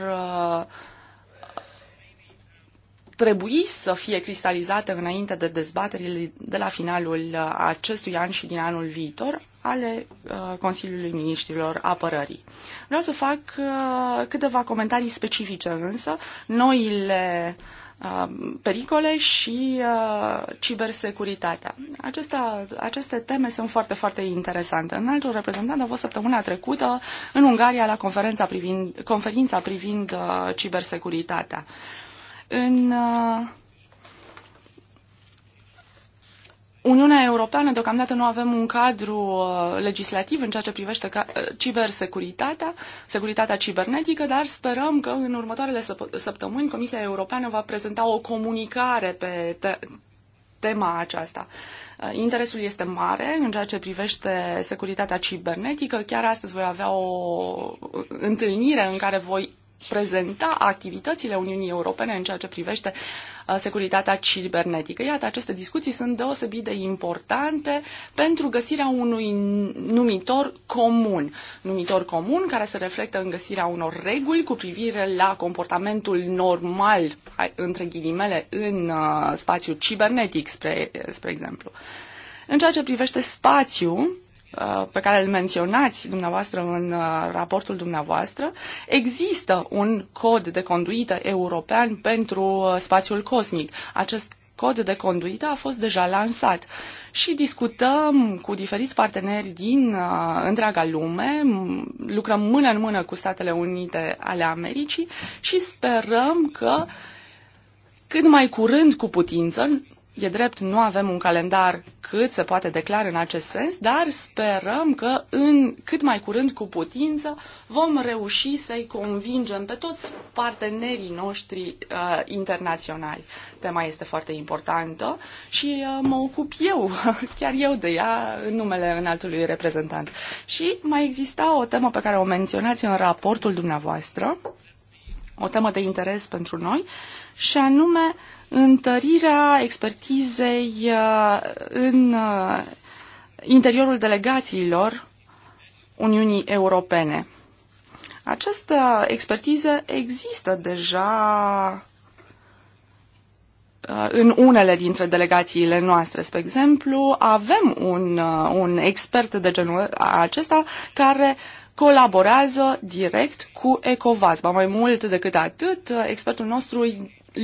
trebui să fie cristalizate înainte de dezbaterile de la finalul acestui an și din anul viitor, ale uh, Consiliului Ministrilor Apărării. Vreau să fac uh, câteva comentarii specifice însă, noile uh, pericole și uh, cibersecuritatea. Acestea, aceste teme sunt foarte, foarte interesante. În altul reprezentant a fost săptămâna trecută în Ungaria la conferința privind, conferința privind uh, cibersecuritatea. În uh, Uniunea Europeană deocamdată nu avem un cadru uh, legislativ în ceea ce privește uh, cibersecuritatea, securitatea cibernetică, dar sperăm că în următoarele săptămâni Comisia Europeană va prezenta o comunicare pe te tema aceasta. Uh, interesul este mare în ceea ce privește securitatea cibernetică. Chiar astăzi voi avea o întâlnire în care voi prezenta activitățile Uniunii Europene în ceea ce privește securitatea cibernetică. Iată, aceste discuții sunt deosebit de importante pentru găsirea unui numitor comun. Numitor comun care se reflectă în găsirea unor reguli cu privire la comportamentul normal, între ghilimele, în uh, spațiul cibernetic, spre, spre exemplu. În ceea ce privește spațiul, Uh, pe care îl menționați dumneavoastră în uh, raportul dumneavoastră, există un cod de conduită european pentru uh, spațiul cosmic. Acest cod de conduită a fost deja lansat și discutăm cu diferiți parteneri din uh, întreaga lume, lucrăm mână în mână cu Statele Unite ale Americii și sperăm că cât mai curând cu putință E drept, nu avem un calendar cât se poate declar în acest sens, dar sperăm că în cât mai curând cu putință vom reuși să-i convingem pe toți partenerii noștri uh, internaționali. Tema este foarte importantă și uh, mă ocup eu, chiar eu de ea, în numele înaltului reprezentant. Și mai exista o temă pe care o menționați în raportul dumneavoastră, o temă de interes pentru noi, și anume întărirea expertizei uh, în uh, interiorul delegațiilor Uniunii Europene. Această expertiză există deja uh, în unele dintre delegațiile noastre. Spre exemplu, avem un, un expert de genul acesta care colaborează direct cu ECOVAS. Ba mai mult decât atât, expertul nostru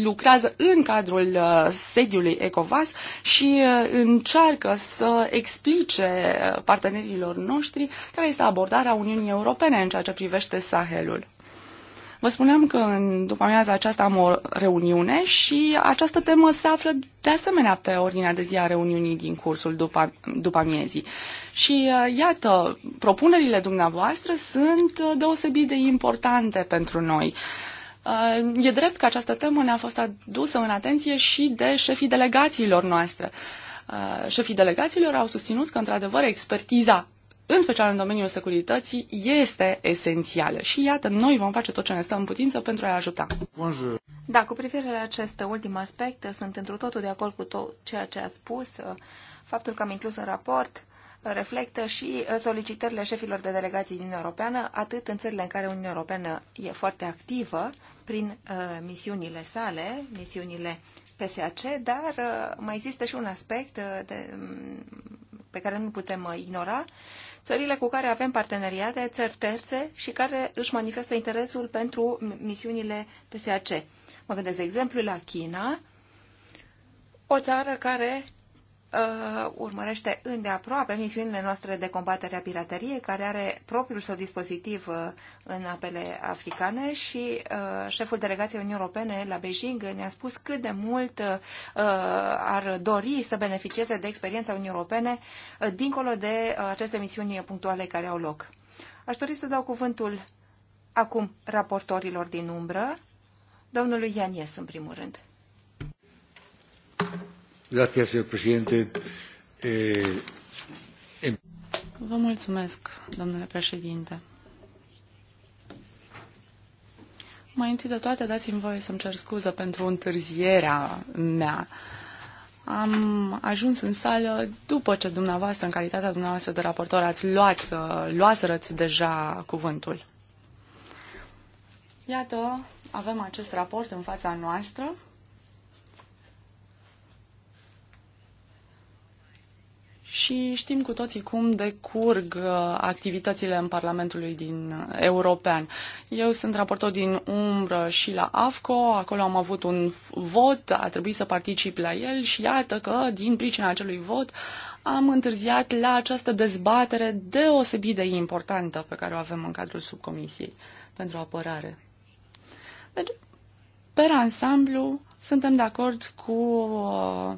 lucrează în cadrul uh, sediului ECOVAS și uh, încearcă să explice uh, partenerilor noștri care este abordarea Uniunii Europene în ceea ce privește Sahelul. Vă spuneam că în după amiaza aceasta am o reuniune și această temă se află de asemenea pe ordinea de zi a reuniunii din cursul după, după amiezii. Și iată, propunerile dumneavoastră sunt deosebit de importante pentru noi. Uh, Uh, e drept că această temă ne-a fost adusă în atenție și de șefii delegațiilor noastre. Uh, șefii delegațiilor au susținut că, într-adevăr, expertiza în special în domeniul securității, este esențială. Și iată, noi vom face tot ce ne stă în putință pentru a-i ajuta. Bonjour. Da, cu privire la acest ultim aspect, sunt într totul de acord cu tot ceea ce a spus. Uh, faptul că am inclus în raport reflectă și solicitările șefilor de delegații din Europeană, atât în țările în care Uniunea Europeană e foarte activă prin uh, misiunile sale, misiunile PSAC, dar uh, mai există și un aspect uh, de, mm, pe care nu putem uh, ignora, țările cu care avem parteneriate, țări terțe și care își manifestă interesul pentru misiunile PSAC. Mă gândesc, de exemplu, la China, o țară care uh, urmărește îndeaproape misiunile noastre de combatere a pirateriei, care are propriul său dispozitiv uh, în apele africane și uh, șeful delegației Uniunii Europene la Beijing ne-a spus cât de mult uh, ar dori să beneficieze de experiența Uniunii Europene uh, dincolo de uh, aceste misiuni punctuale care au loc. Aș dori să dau cuvântul acum raportorilor din umbră, domnului Ianies în primul rând. Gracias, señor eh, Vă mulțumesc, domnule președinte. Mai întâi de toate, dați-mi voie să-mi cer scuză pentru întârzierea mea. Am ajuns în sală după ce dumneavoastră, în calitatea dumneavoastră de raportor, ați luat, uh, luaserăți deja cuvântul. Iată, avem acest raport în fața noastră. și știm cu toții cum decurg uh, activitățile în Parlamentul din uh, European. Eu sunt raportor din umbră și la AFCO, acolo am avut un vot, a trebuit să particip la el și iată că din pricina acelui vot am întârziat la această dezbatere deosebit de importantă pe care o avem în cadrul subcomisiei pentru apărare. Deci, pe ansamblu, suntem de acord cu uh,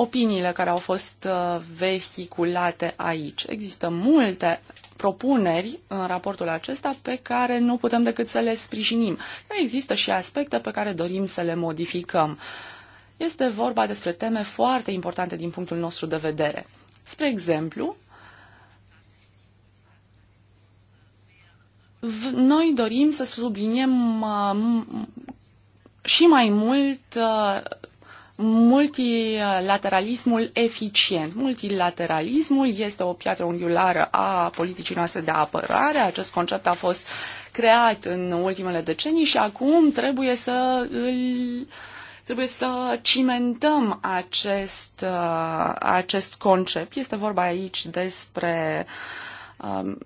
opiniile care au fost uh, vehiculate aici. Există multe propuneri în raportul acesta pe care nu putem decât să le sprijinim. Există și aspecte pe care dorim să le modificăm. Este vorba despre teme foarte importante din punctul nostru de vedere. Spre exemplu, noi dorim să subliniem uh, și mai mult uh, multilateralismul eficient. Multilateralismul este o piatră unghiulară a politicii noastre de apărare. Acest concept a fost creat în ultimele decenii și acum trebuie să îl trebuie să cimentăm acest, uh, acest concept. Este vorba aici despre um,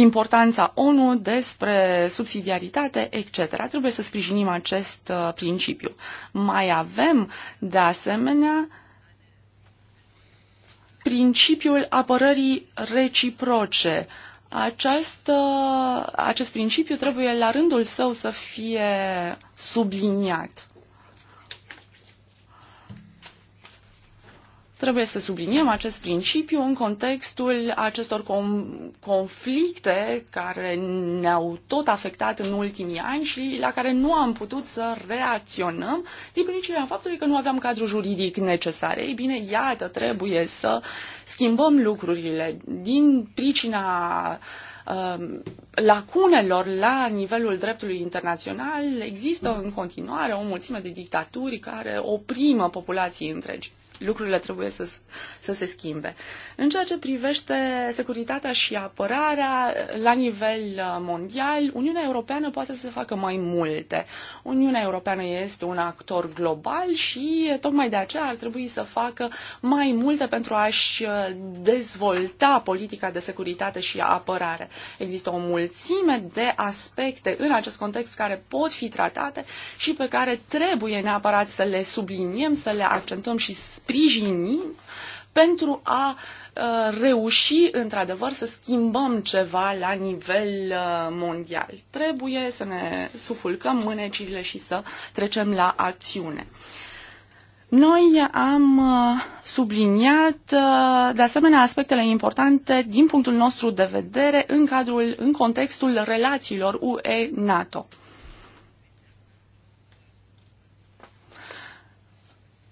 importanța ONU, despre subsidiaritate, etc. Trebuie să sprijinim acest uh, principiu. Mai avem, de asemenea, principiul apărării reciproce. Acest uh, acest principiu trebuie la rândul său să fie subliniat. Trebuie să subliniem acest principiu în contextul acestor com- conflicte care ne-au tot afectat în ultimii ani și la care nu am putut să reacționăm din pricina faptului că nu aveam cadru juridic necesar. Ei bine, iată, trebuie să schimbăm lucrurile din pricina um, lacunelor la nivelul dreptului internațional există în continuare o mulțime de dictaturi care oprimă populații întregi lucrurile trebuie să, să se schimbe. În ceea ce privește securitatea și apărarea la nivel uh, mondial, Uniunea Europeană poate să facă mai multe. Uniunea Europeană este un actor global și tocmai de aceea ar trebui să facă mai multe pentru a-și uh, dezvolta politica de securitate și apărare. Există o mulțime de aspecte în acest context care pot fi tratate și pe care trebuie neapărat să le subliniem, să le accentăm și sprijini pentru a uh, reuși într-adevăr să schimbăm ceva la nivel uh, mondial. Trebuie să ne sufulcăm mânecile și să trecem la acțiune. Noi am uh, subliniat de asemenea aspectele importante din punctul nostru de vedere în cadrul, în contextul relațiilor UE-NATO.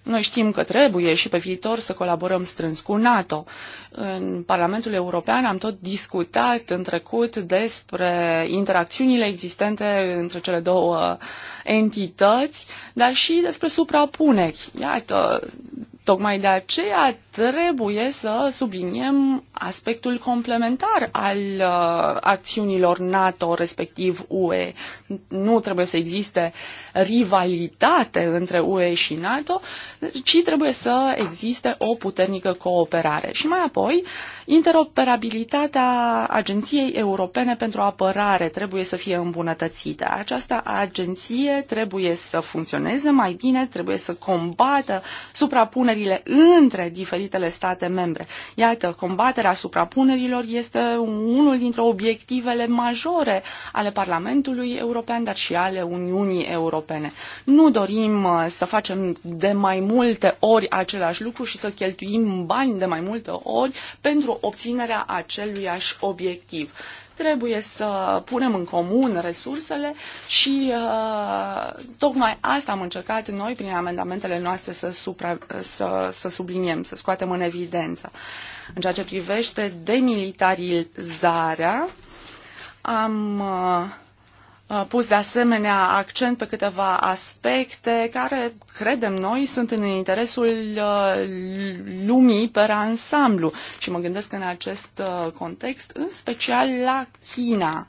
Noi știm că trebuie și pe viitor să colaborăm strâns cu NATO. În Parlamentul European am tot discutat în trecut despre interacțiunile existente între cele două entități, dar și despre suprapuneri. Iată, Tocmai de aceea trebuie să subliniem aspectul complementar al uh, acțiunilor NATO, respectiv UE. Nu trebuie să existe rivalitate între UE și NATO, deci, ci trebuie să existe o puternică cooperare. Și mai apoi, interoperabilitatea Agenției Europene pentru Apărare trebuie să fie îmbunătățită. Această agenție trebuie să funcționeze mai bine, trebuie să combată suprapune cooperările între diferitele state membre. Iată, combaterea suprapunerilor este unul dintre obiectivele majore ale Parlamentului European, dar și ale Uniunii Europene. Nu dorim uh, să facem de mai multe ori același lucru și să cheltuim bani de mai multe ori pentru obținerea aceluiași obiectiv trebuie să punem în comun resursele și uh, tocmai asta am încercat noi prin amendamentele noastre să, supra, să, să subliniem, să scoatem în evidență. În ceea ce privește demilitarizarea, am uh, Uh, pus de asemenea accent pe câteva aspecte care, credem noi, sunt în interesul uh, lumii pe ansamblu. Și mă gândesc în acest uh, context, în special la China.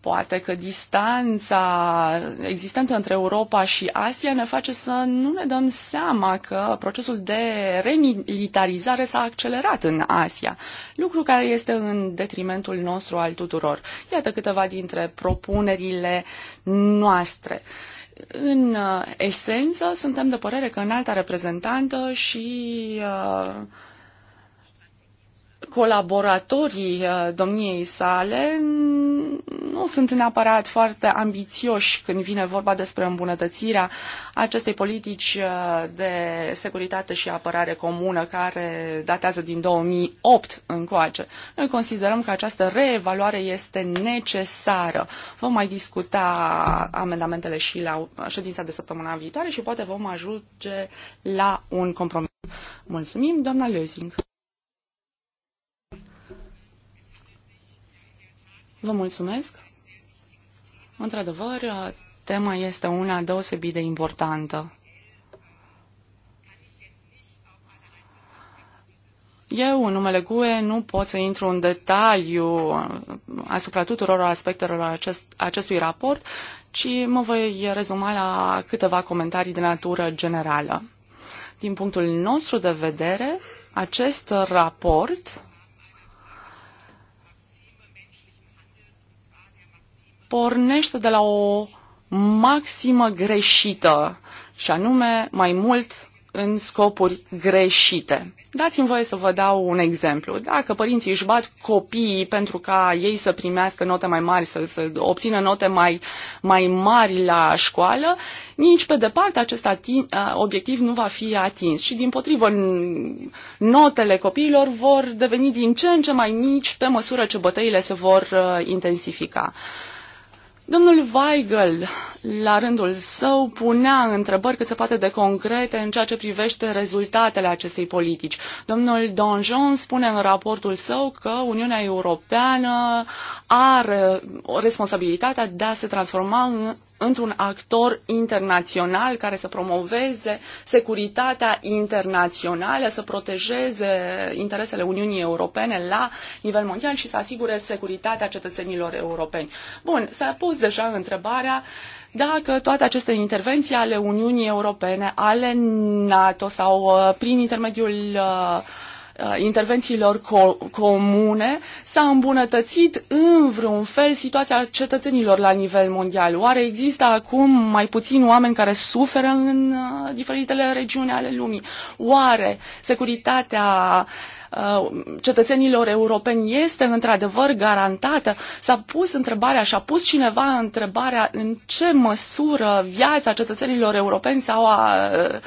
Poate că distanța existentă între Europa și Asia ne face să nu ne dăm seama că procesul de remilitarizare s-a accelerat în Asia, lucru care este în detrimentul nostru al tuturor. Iată câteva dintre propunerile noastre în uh, esență, suntem de părere că înalta reprezentantă și uh, colaboratorii uh, domniei sale nu sunt neapărat foarte ambițioși când vine vorba despre îmbunătățirea acestei politici uh, de securitate și apărare comună care datează din 2008 încoace. Noi considerăm că această reevaluare este necesară. Vom mai discuta amendamentele și la ședința de săptămâna viitoare și poate vom ajunge la un compromis. Mulțumim, doamna Lözing. Vă mulțumesc. Într-adevăr, tema este una deosebit de importantă. Eu, în numele GUE, nu pot să intru în detaliu asupra tuturor aspectelor acest, acestui raport, ci mă voi rezuma la câteva comentarii de natură generală. Din punctul nostru de vedere, acest raport pornește de la o maximă greșită, și anume mai mult în scopuri greșite. Dați-mi voie să vă dau un exemplu. Dacă părinții își bat copiii pentru ca ei să primească note mai mari, să, să obțină note mai, mai mari la școală, nici pe departe acest atin, obiectiv nu va fi atins. Și din potrivă, notele copiilor vor deveni din ce în ce mai mici pe măsură ce bătăile se vor intensifica. Uh, Domnul Weigel, la rândul său, punea întrebări cât se poate de concrete în ceea ce privește rezultatele acestei politici. Domnul Donjon spune în raportul său că Uniunea Europeană are responsabilitatea de a se transforma în, într-un actor internațional care să promoveze securitatea internațională, să protejeze interesele Uniunii Europene la nivel mondial și să asigure securitatea cetățenilor europeni. Bun, s-a pus deja întrebarea dacă toate aceste intervenții ale Uniunii Europene, ale NATO sau uh, prin intermediul uh, Uh, intervențiilor co- comune s-a îmbunătățit în vreun fel situația cetățenilor la nivel mondial? Oare există acum mai puțini oameni care suferă în uh, diferitele regiuni ale lumii? Oare securitatea uh, cetățenilor europeni este într-adevăr garantată? S-a pus întrebarea și a pus cineva întrebarea în ce măsură viața cetățenilor europeni sau a uh,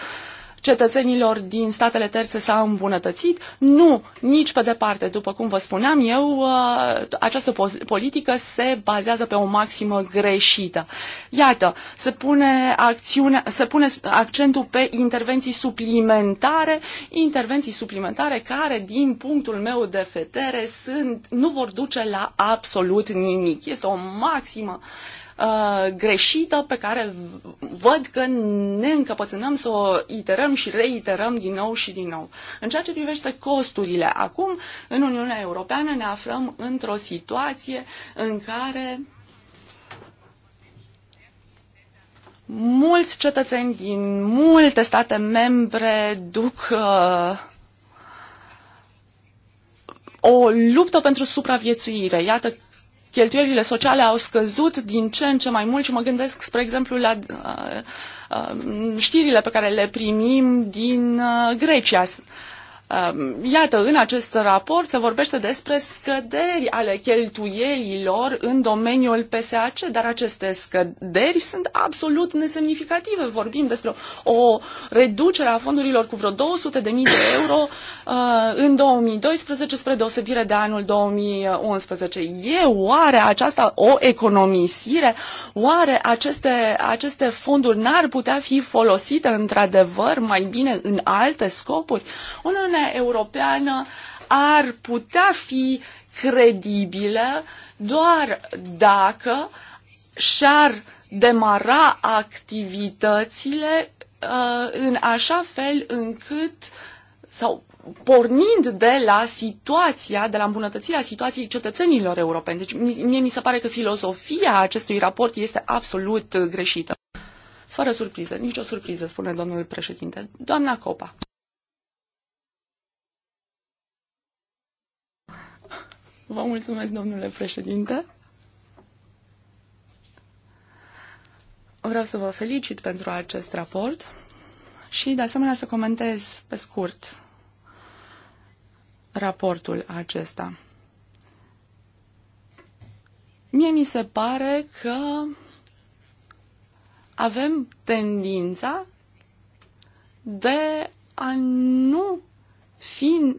cetățenilor din statele terțe s-a îmbunătățit? Nu, nici pe departe. După cum vă spuneam eu, uh, această politică se bazează pe o maximă greșită. Iată, se pune, acțiune, se pune accentul pe intervenții suplimentare, intervenții suplimentare care, din punctul meu de vedere, sunt, nu vor duce la absolut nimic. Este o maximă uh, Uh, greșită pe care văd că ne încăpățânăm să o iterăm și reiterăm din nou și din nou. În ceea ce privește costurile, acum în Uniunea Europeană ne aflăm într-o situație în care mulți cetățeni din multe state membre duc uh, o luptă pentru supraviețuire. Iată cheltuielile sociale au scăzut din ce în ce mai mult și mă gândesc, spre exemplu, la uh, uh, știrile pe care le primim din uh, Grecia. Um, iată, în acest raport se vorbește despre scăderi ale cheltuielilor în domeniul PSAC, dar aceste scăderi sunt absolut nesemnificative. Vorbim despre o reducere a fondurilor cu vreo 200 de mii de euro uh, în 2012 spre deosebire de anul 2011. E oare aceasta o economisire? Oare aceste, aceste fonduri n-ar putea fi folosite într-adevăr mai bine în alte scopuri? Una Uniunea Europeană ar putea fi credibilă doar dacă și-ar demara activitățile uh, în așa fel încât sau pornind de la situația, de la îmbunătățirea situației cetățenilor europeni. Deci mie mi se pare că filozofia acestui raport este absolut greșită. Fără surpriză, nicio surpriză, spune domnul președinte. Doamna Copa. Vă mulțumesc, domnule președinte. Vreau să vă felicit pentru acest raport și, de asemenea, să comentez pe scurt raportul acesta. Mie mi se pare că avem tendința de a nu fi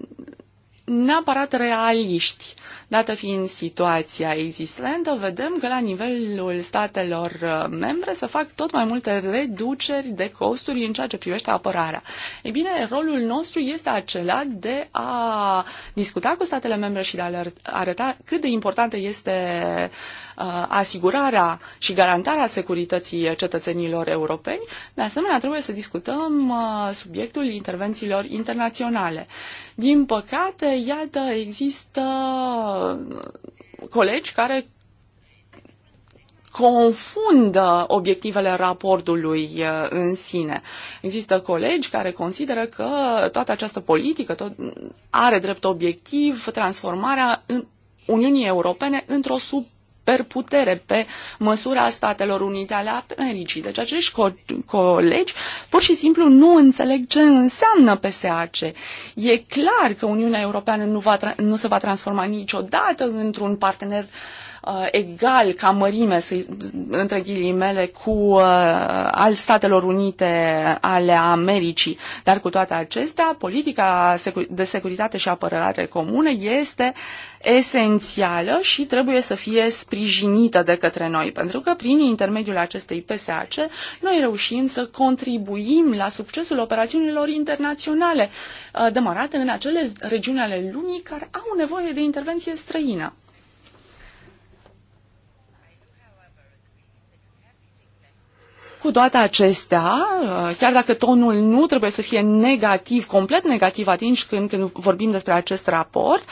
neapărat realiști. Dată fiind situația existentă, vedem că la nivelul statelor uh, membre se fac tot mai multe reduceri de costuri în ceea ce privește apărarea. Ei bine, rolul nostru este acela de a discuta cu statele membre și de a le arăta cât de importantă este uh, Uh, asigurarea și garantarea securității cetățenilor europeni, de asemenea trebuie să discutăm uh, subiectul intervențiilor internaționale. Din păcate, iată, există colegi care confundă obiectivele raportului uh, în sine. Există colegi care consideră că toată această politică tot, are drept obiectiv transformarea în Uniunii Europene într-o sub per putere, pe măsura Statelor Unite ale Americii. Deci acești co- colegi pur și simplu nu înțeleg ce înseamnă PSAC. E clar că Uniunea Europeană nu, va nu se va transforma niciodată într-un partener uh, egal ca mărime, să între ghilimele, cu uh, al Statelor Unite ale Americii. Dar cu toate acestea, politica de securitate și apărare comună este uh, esențială și trebuie să fie sprijinită de către noi, pentru că prin intermediul acestei PSAC noi reușim să contribuim la succesul operațiunilor internaționale uh, demarate în acele regiuni ale lumii care au nevoie de intervenție străină. Cu toate acestea, uh, chiar dacă tonul nu trebuie să fie negativ, complet negativ atunci când, când vorbim despre acest raport,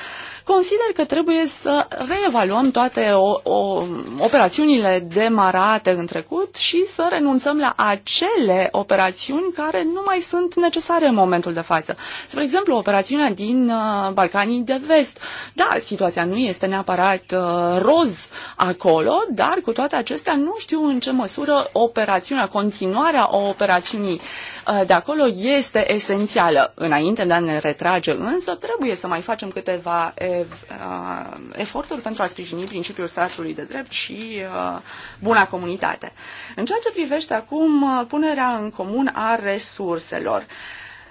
consider că trebuie să reevaluăm toate o, o, operațiunile demarate în trecut și să renunțăm la acele operațiuni care nu mai sunt necesare în momentul de față. Spre exemplu, operațiunea din uh, Balcanii de Vest. Da, situația nu este neapărat uh, roz acolo, dar cu toate acestea nu știu în ce măsură operațiunea, continuarea operațiunii uh, de acolo este esențială. Înainte de a ne retrage însă, trebuie să mai facem câteva e, uh, eforturi pentru a sprijini principiul statului de drept și uh, buna comunitate. În ceea ce privește acum uh, punerea în comun a resurselor,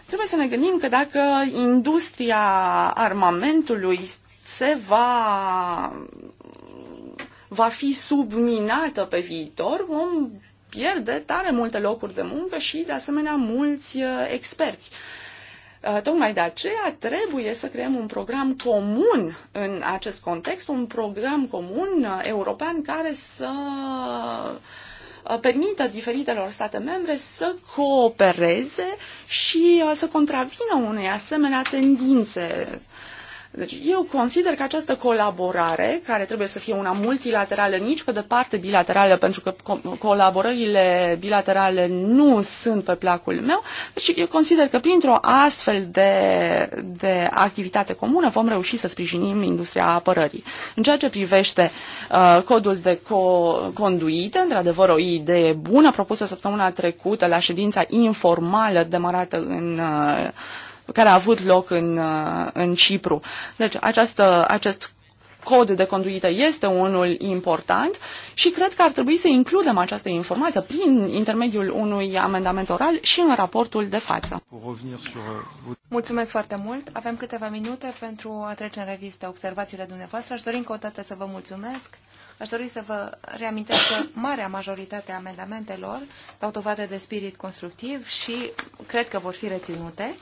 trebuie să ne gândim că dacă industria armamentului se va va fi subminată pe viitor, vom pierde tare multe locuri de muncă și, de asemenea, mulți uh, experți. Uh, tocmai de aceea trebuie să creăm un program comun în acest context, un program comun uh, european care să uh, permită diferitelor state membre să coopereze și să contravină unei asemenea tendințe deci eu consider că această colaborare, care trebuie să fie una multilaterală, nici pe departe bilaterală, pentru că colaborările bilaterale nu sunt pe placul meu, deci eu consider că printr-o astfel de, de activitate comună vom reuși să sprijinim industria apărării. În ceea ce privește uh, codul de co- conduite, într-adevăr o idee bună propusă săptămâna trecută la ședința informală demarată în uh, care a avut loc în, uh, în Cipru. Deci această, acest cod de conduită este unul important și cred că ar trebui să includem această informație prin intermediul unui amendament oral și în raportul de față. Euh, mulțumesc foarte mult. Avem câteva minute pentru a trece în revistă observațiile dumneavoastră. Aș dori încă o dată să vă mulțumesc. Aș dori să vă reamintesc că marea majoritate a amendamentelor dau dovadă de spirit constructiv și cred că vor fi reținute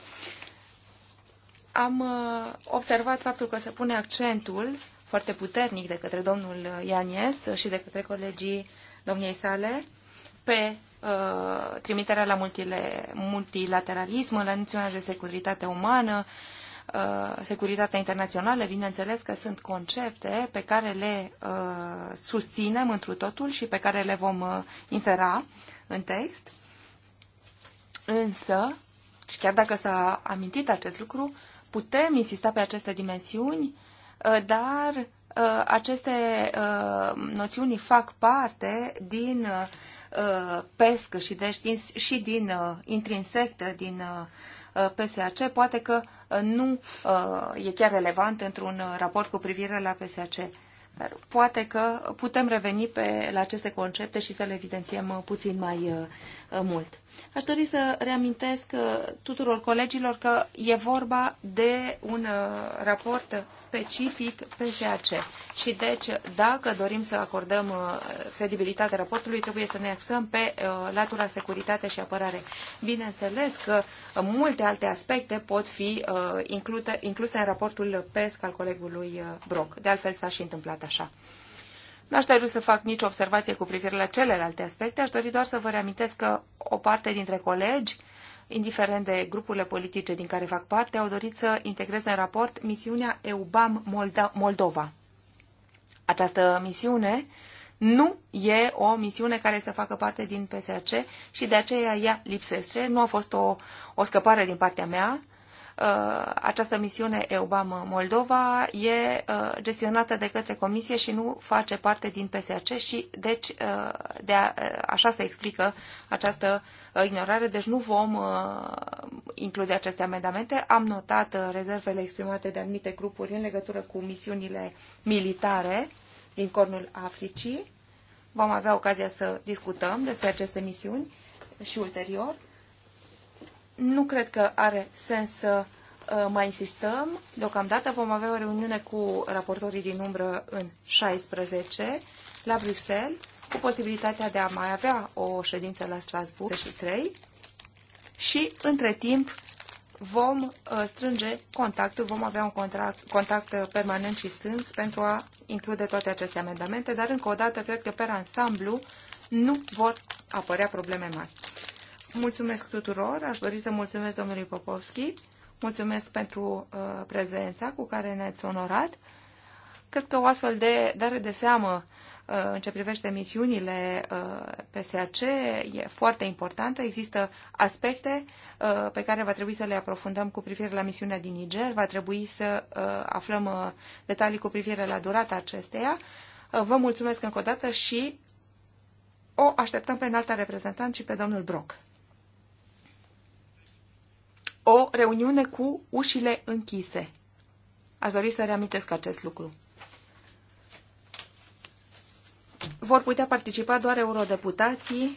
am uh, observat faptul că se pune accentul foarte puternic de către domnul uh, Ianies și de către colegii domniei sale pe uh, trimiterea la multile, multilateralism, la noțiunea de securitate umană, uh, securitatea internațională, bineînțeles că sunt concepte pe care le uh, susținem întru totul și pe care le vom uh, insera în text. Însă, și chiar dacă s-a amintit acest lucru, putem insista pe aceste dimensiuni, uh, dar uh, aceste uh, noțiuni fac parte din pesc și deci din, și din intrinsectă din PSAC, poate că nu e chiar relevant într-un raport cu privire la PSAC. Dar poate că putem reveni pe, la aceste concepte și să le evidențiem puțin mai mult. Aș dori să reamintesc uh, tuturor colegilor că e vorba de un uh, raport specific PSAC și deci dacă dorim să acordăm uh, credibilitate raportului trebuie să ne axăm pe latura securitate și apărare. Bineînțeles că multe alte aspecte pot fi incluse în raportul PESC al colegului Brock. De altfel s-a și întâmplat așa. N-aș dori să fac nicio observație cu privire la celelalte aspecte, aș dori doar să vă reamintesc că o parte dintre colegi, indiferent de grupurile politice din care fac parte, au dorit să integreze în raport misiunea EUBAM Moldova. Această misiune nu e o misiune care să facă parte din PSAC și de aceea ea lipsește. Nu a fost o, o scăpare din partea mea. Uh, această misiune EUBAM Moldova e uh, gestionată de către Comisie și nu face parte din PSAC și deci uh, de a, așa se explică această ignorare, deci nu vom include aceste amendamente. Am notat rezervele exprimate de anumite grupuri în legătură cu misiunile militare din Cornul Africii. Vom avea ocazia să discutăm despre aceste misiuni și ulterior nu cred că are sens să uh, mai insistăm. Deocamdată vom avea o reuniune cu raportorii din umbră în 16 la Bruxelles, cu posibilitatea de a mai avea o ședință la Strasbourg și 3 și între timp vom uh, strânge contactul, vom avea un contract, contact uh, permanent și strâns pentru a include toate aceste amendamente, dar încă o dată cred că pe ansamblu nu vor apărea probleme mari. Mulțumesc tuturor, aș dori să mulțumesc domnului Popovski, mulțumesc pentru uh, prezența cu care ne-ați onorat. Cred că o astfel de dare de seamă uh, în ce privește misiunile uh, PSAC e foarte importantă. Există aspecte uh, pe care va trebui să le aprofundăm cu privire la misiunea din Niger, va trebui să uh, aflăm uh, detalii cu privire la durata acesteia. Uh, vă mulțumesc încă o dată și o așteptăm pe înalta reprezentant și pe domnul Brock o reuniune cu ușile închise. Aș dori să reamintesc acest lucru. Vor putea participa doar eurodeputații,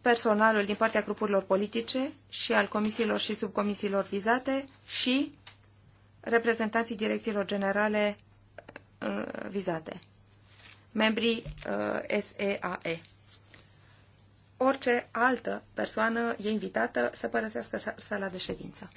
personalul din partea grupurilor politice și al comisiilor și subcomisiilor vizate și reprezentanții direcțiilor generale uh, vizate, membrii uh, SEAE orice altă persoană e invitată să părăsească sala de ședință.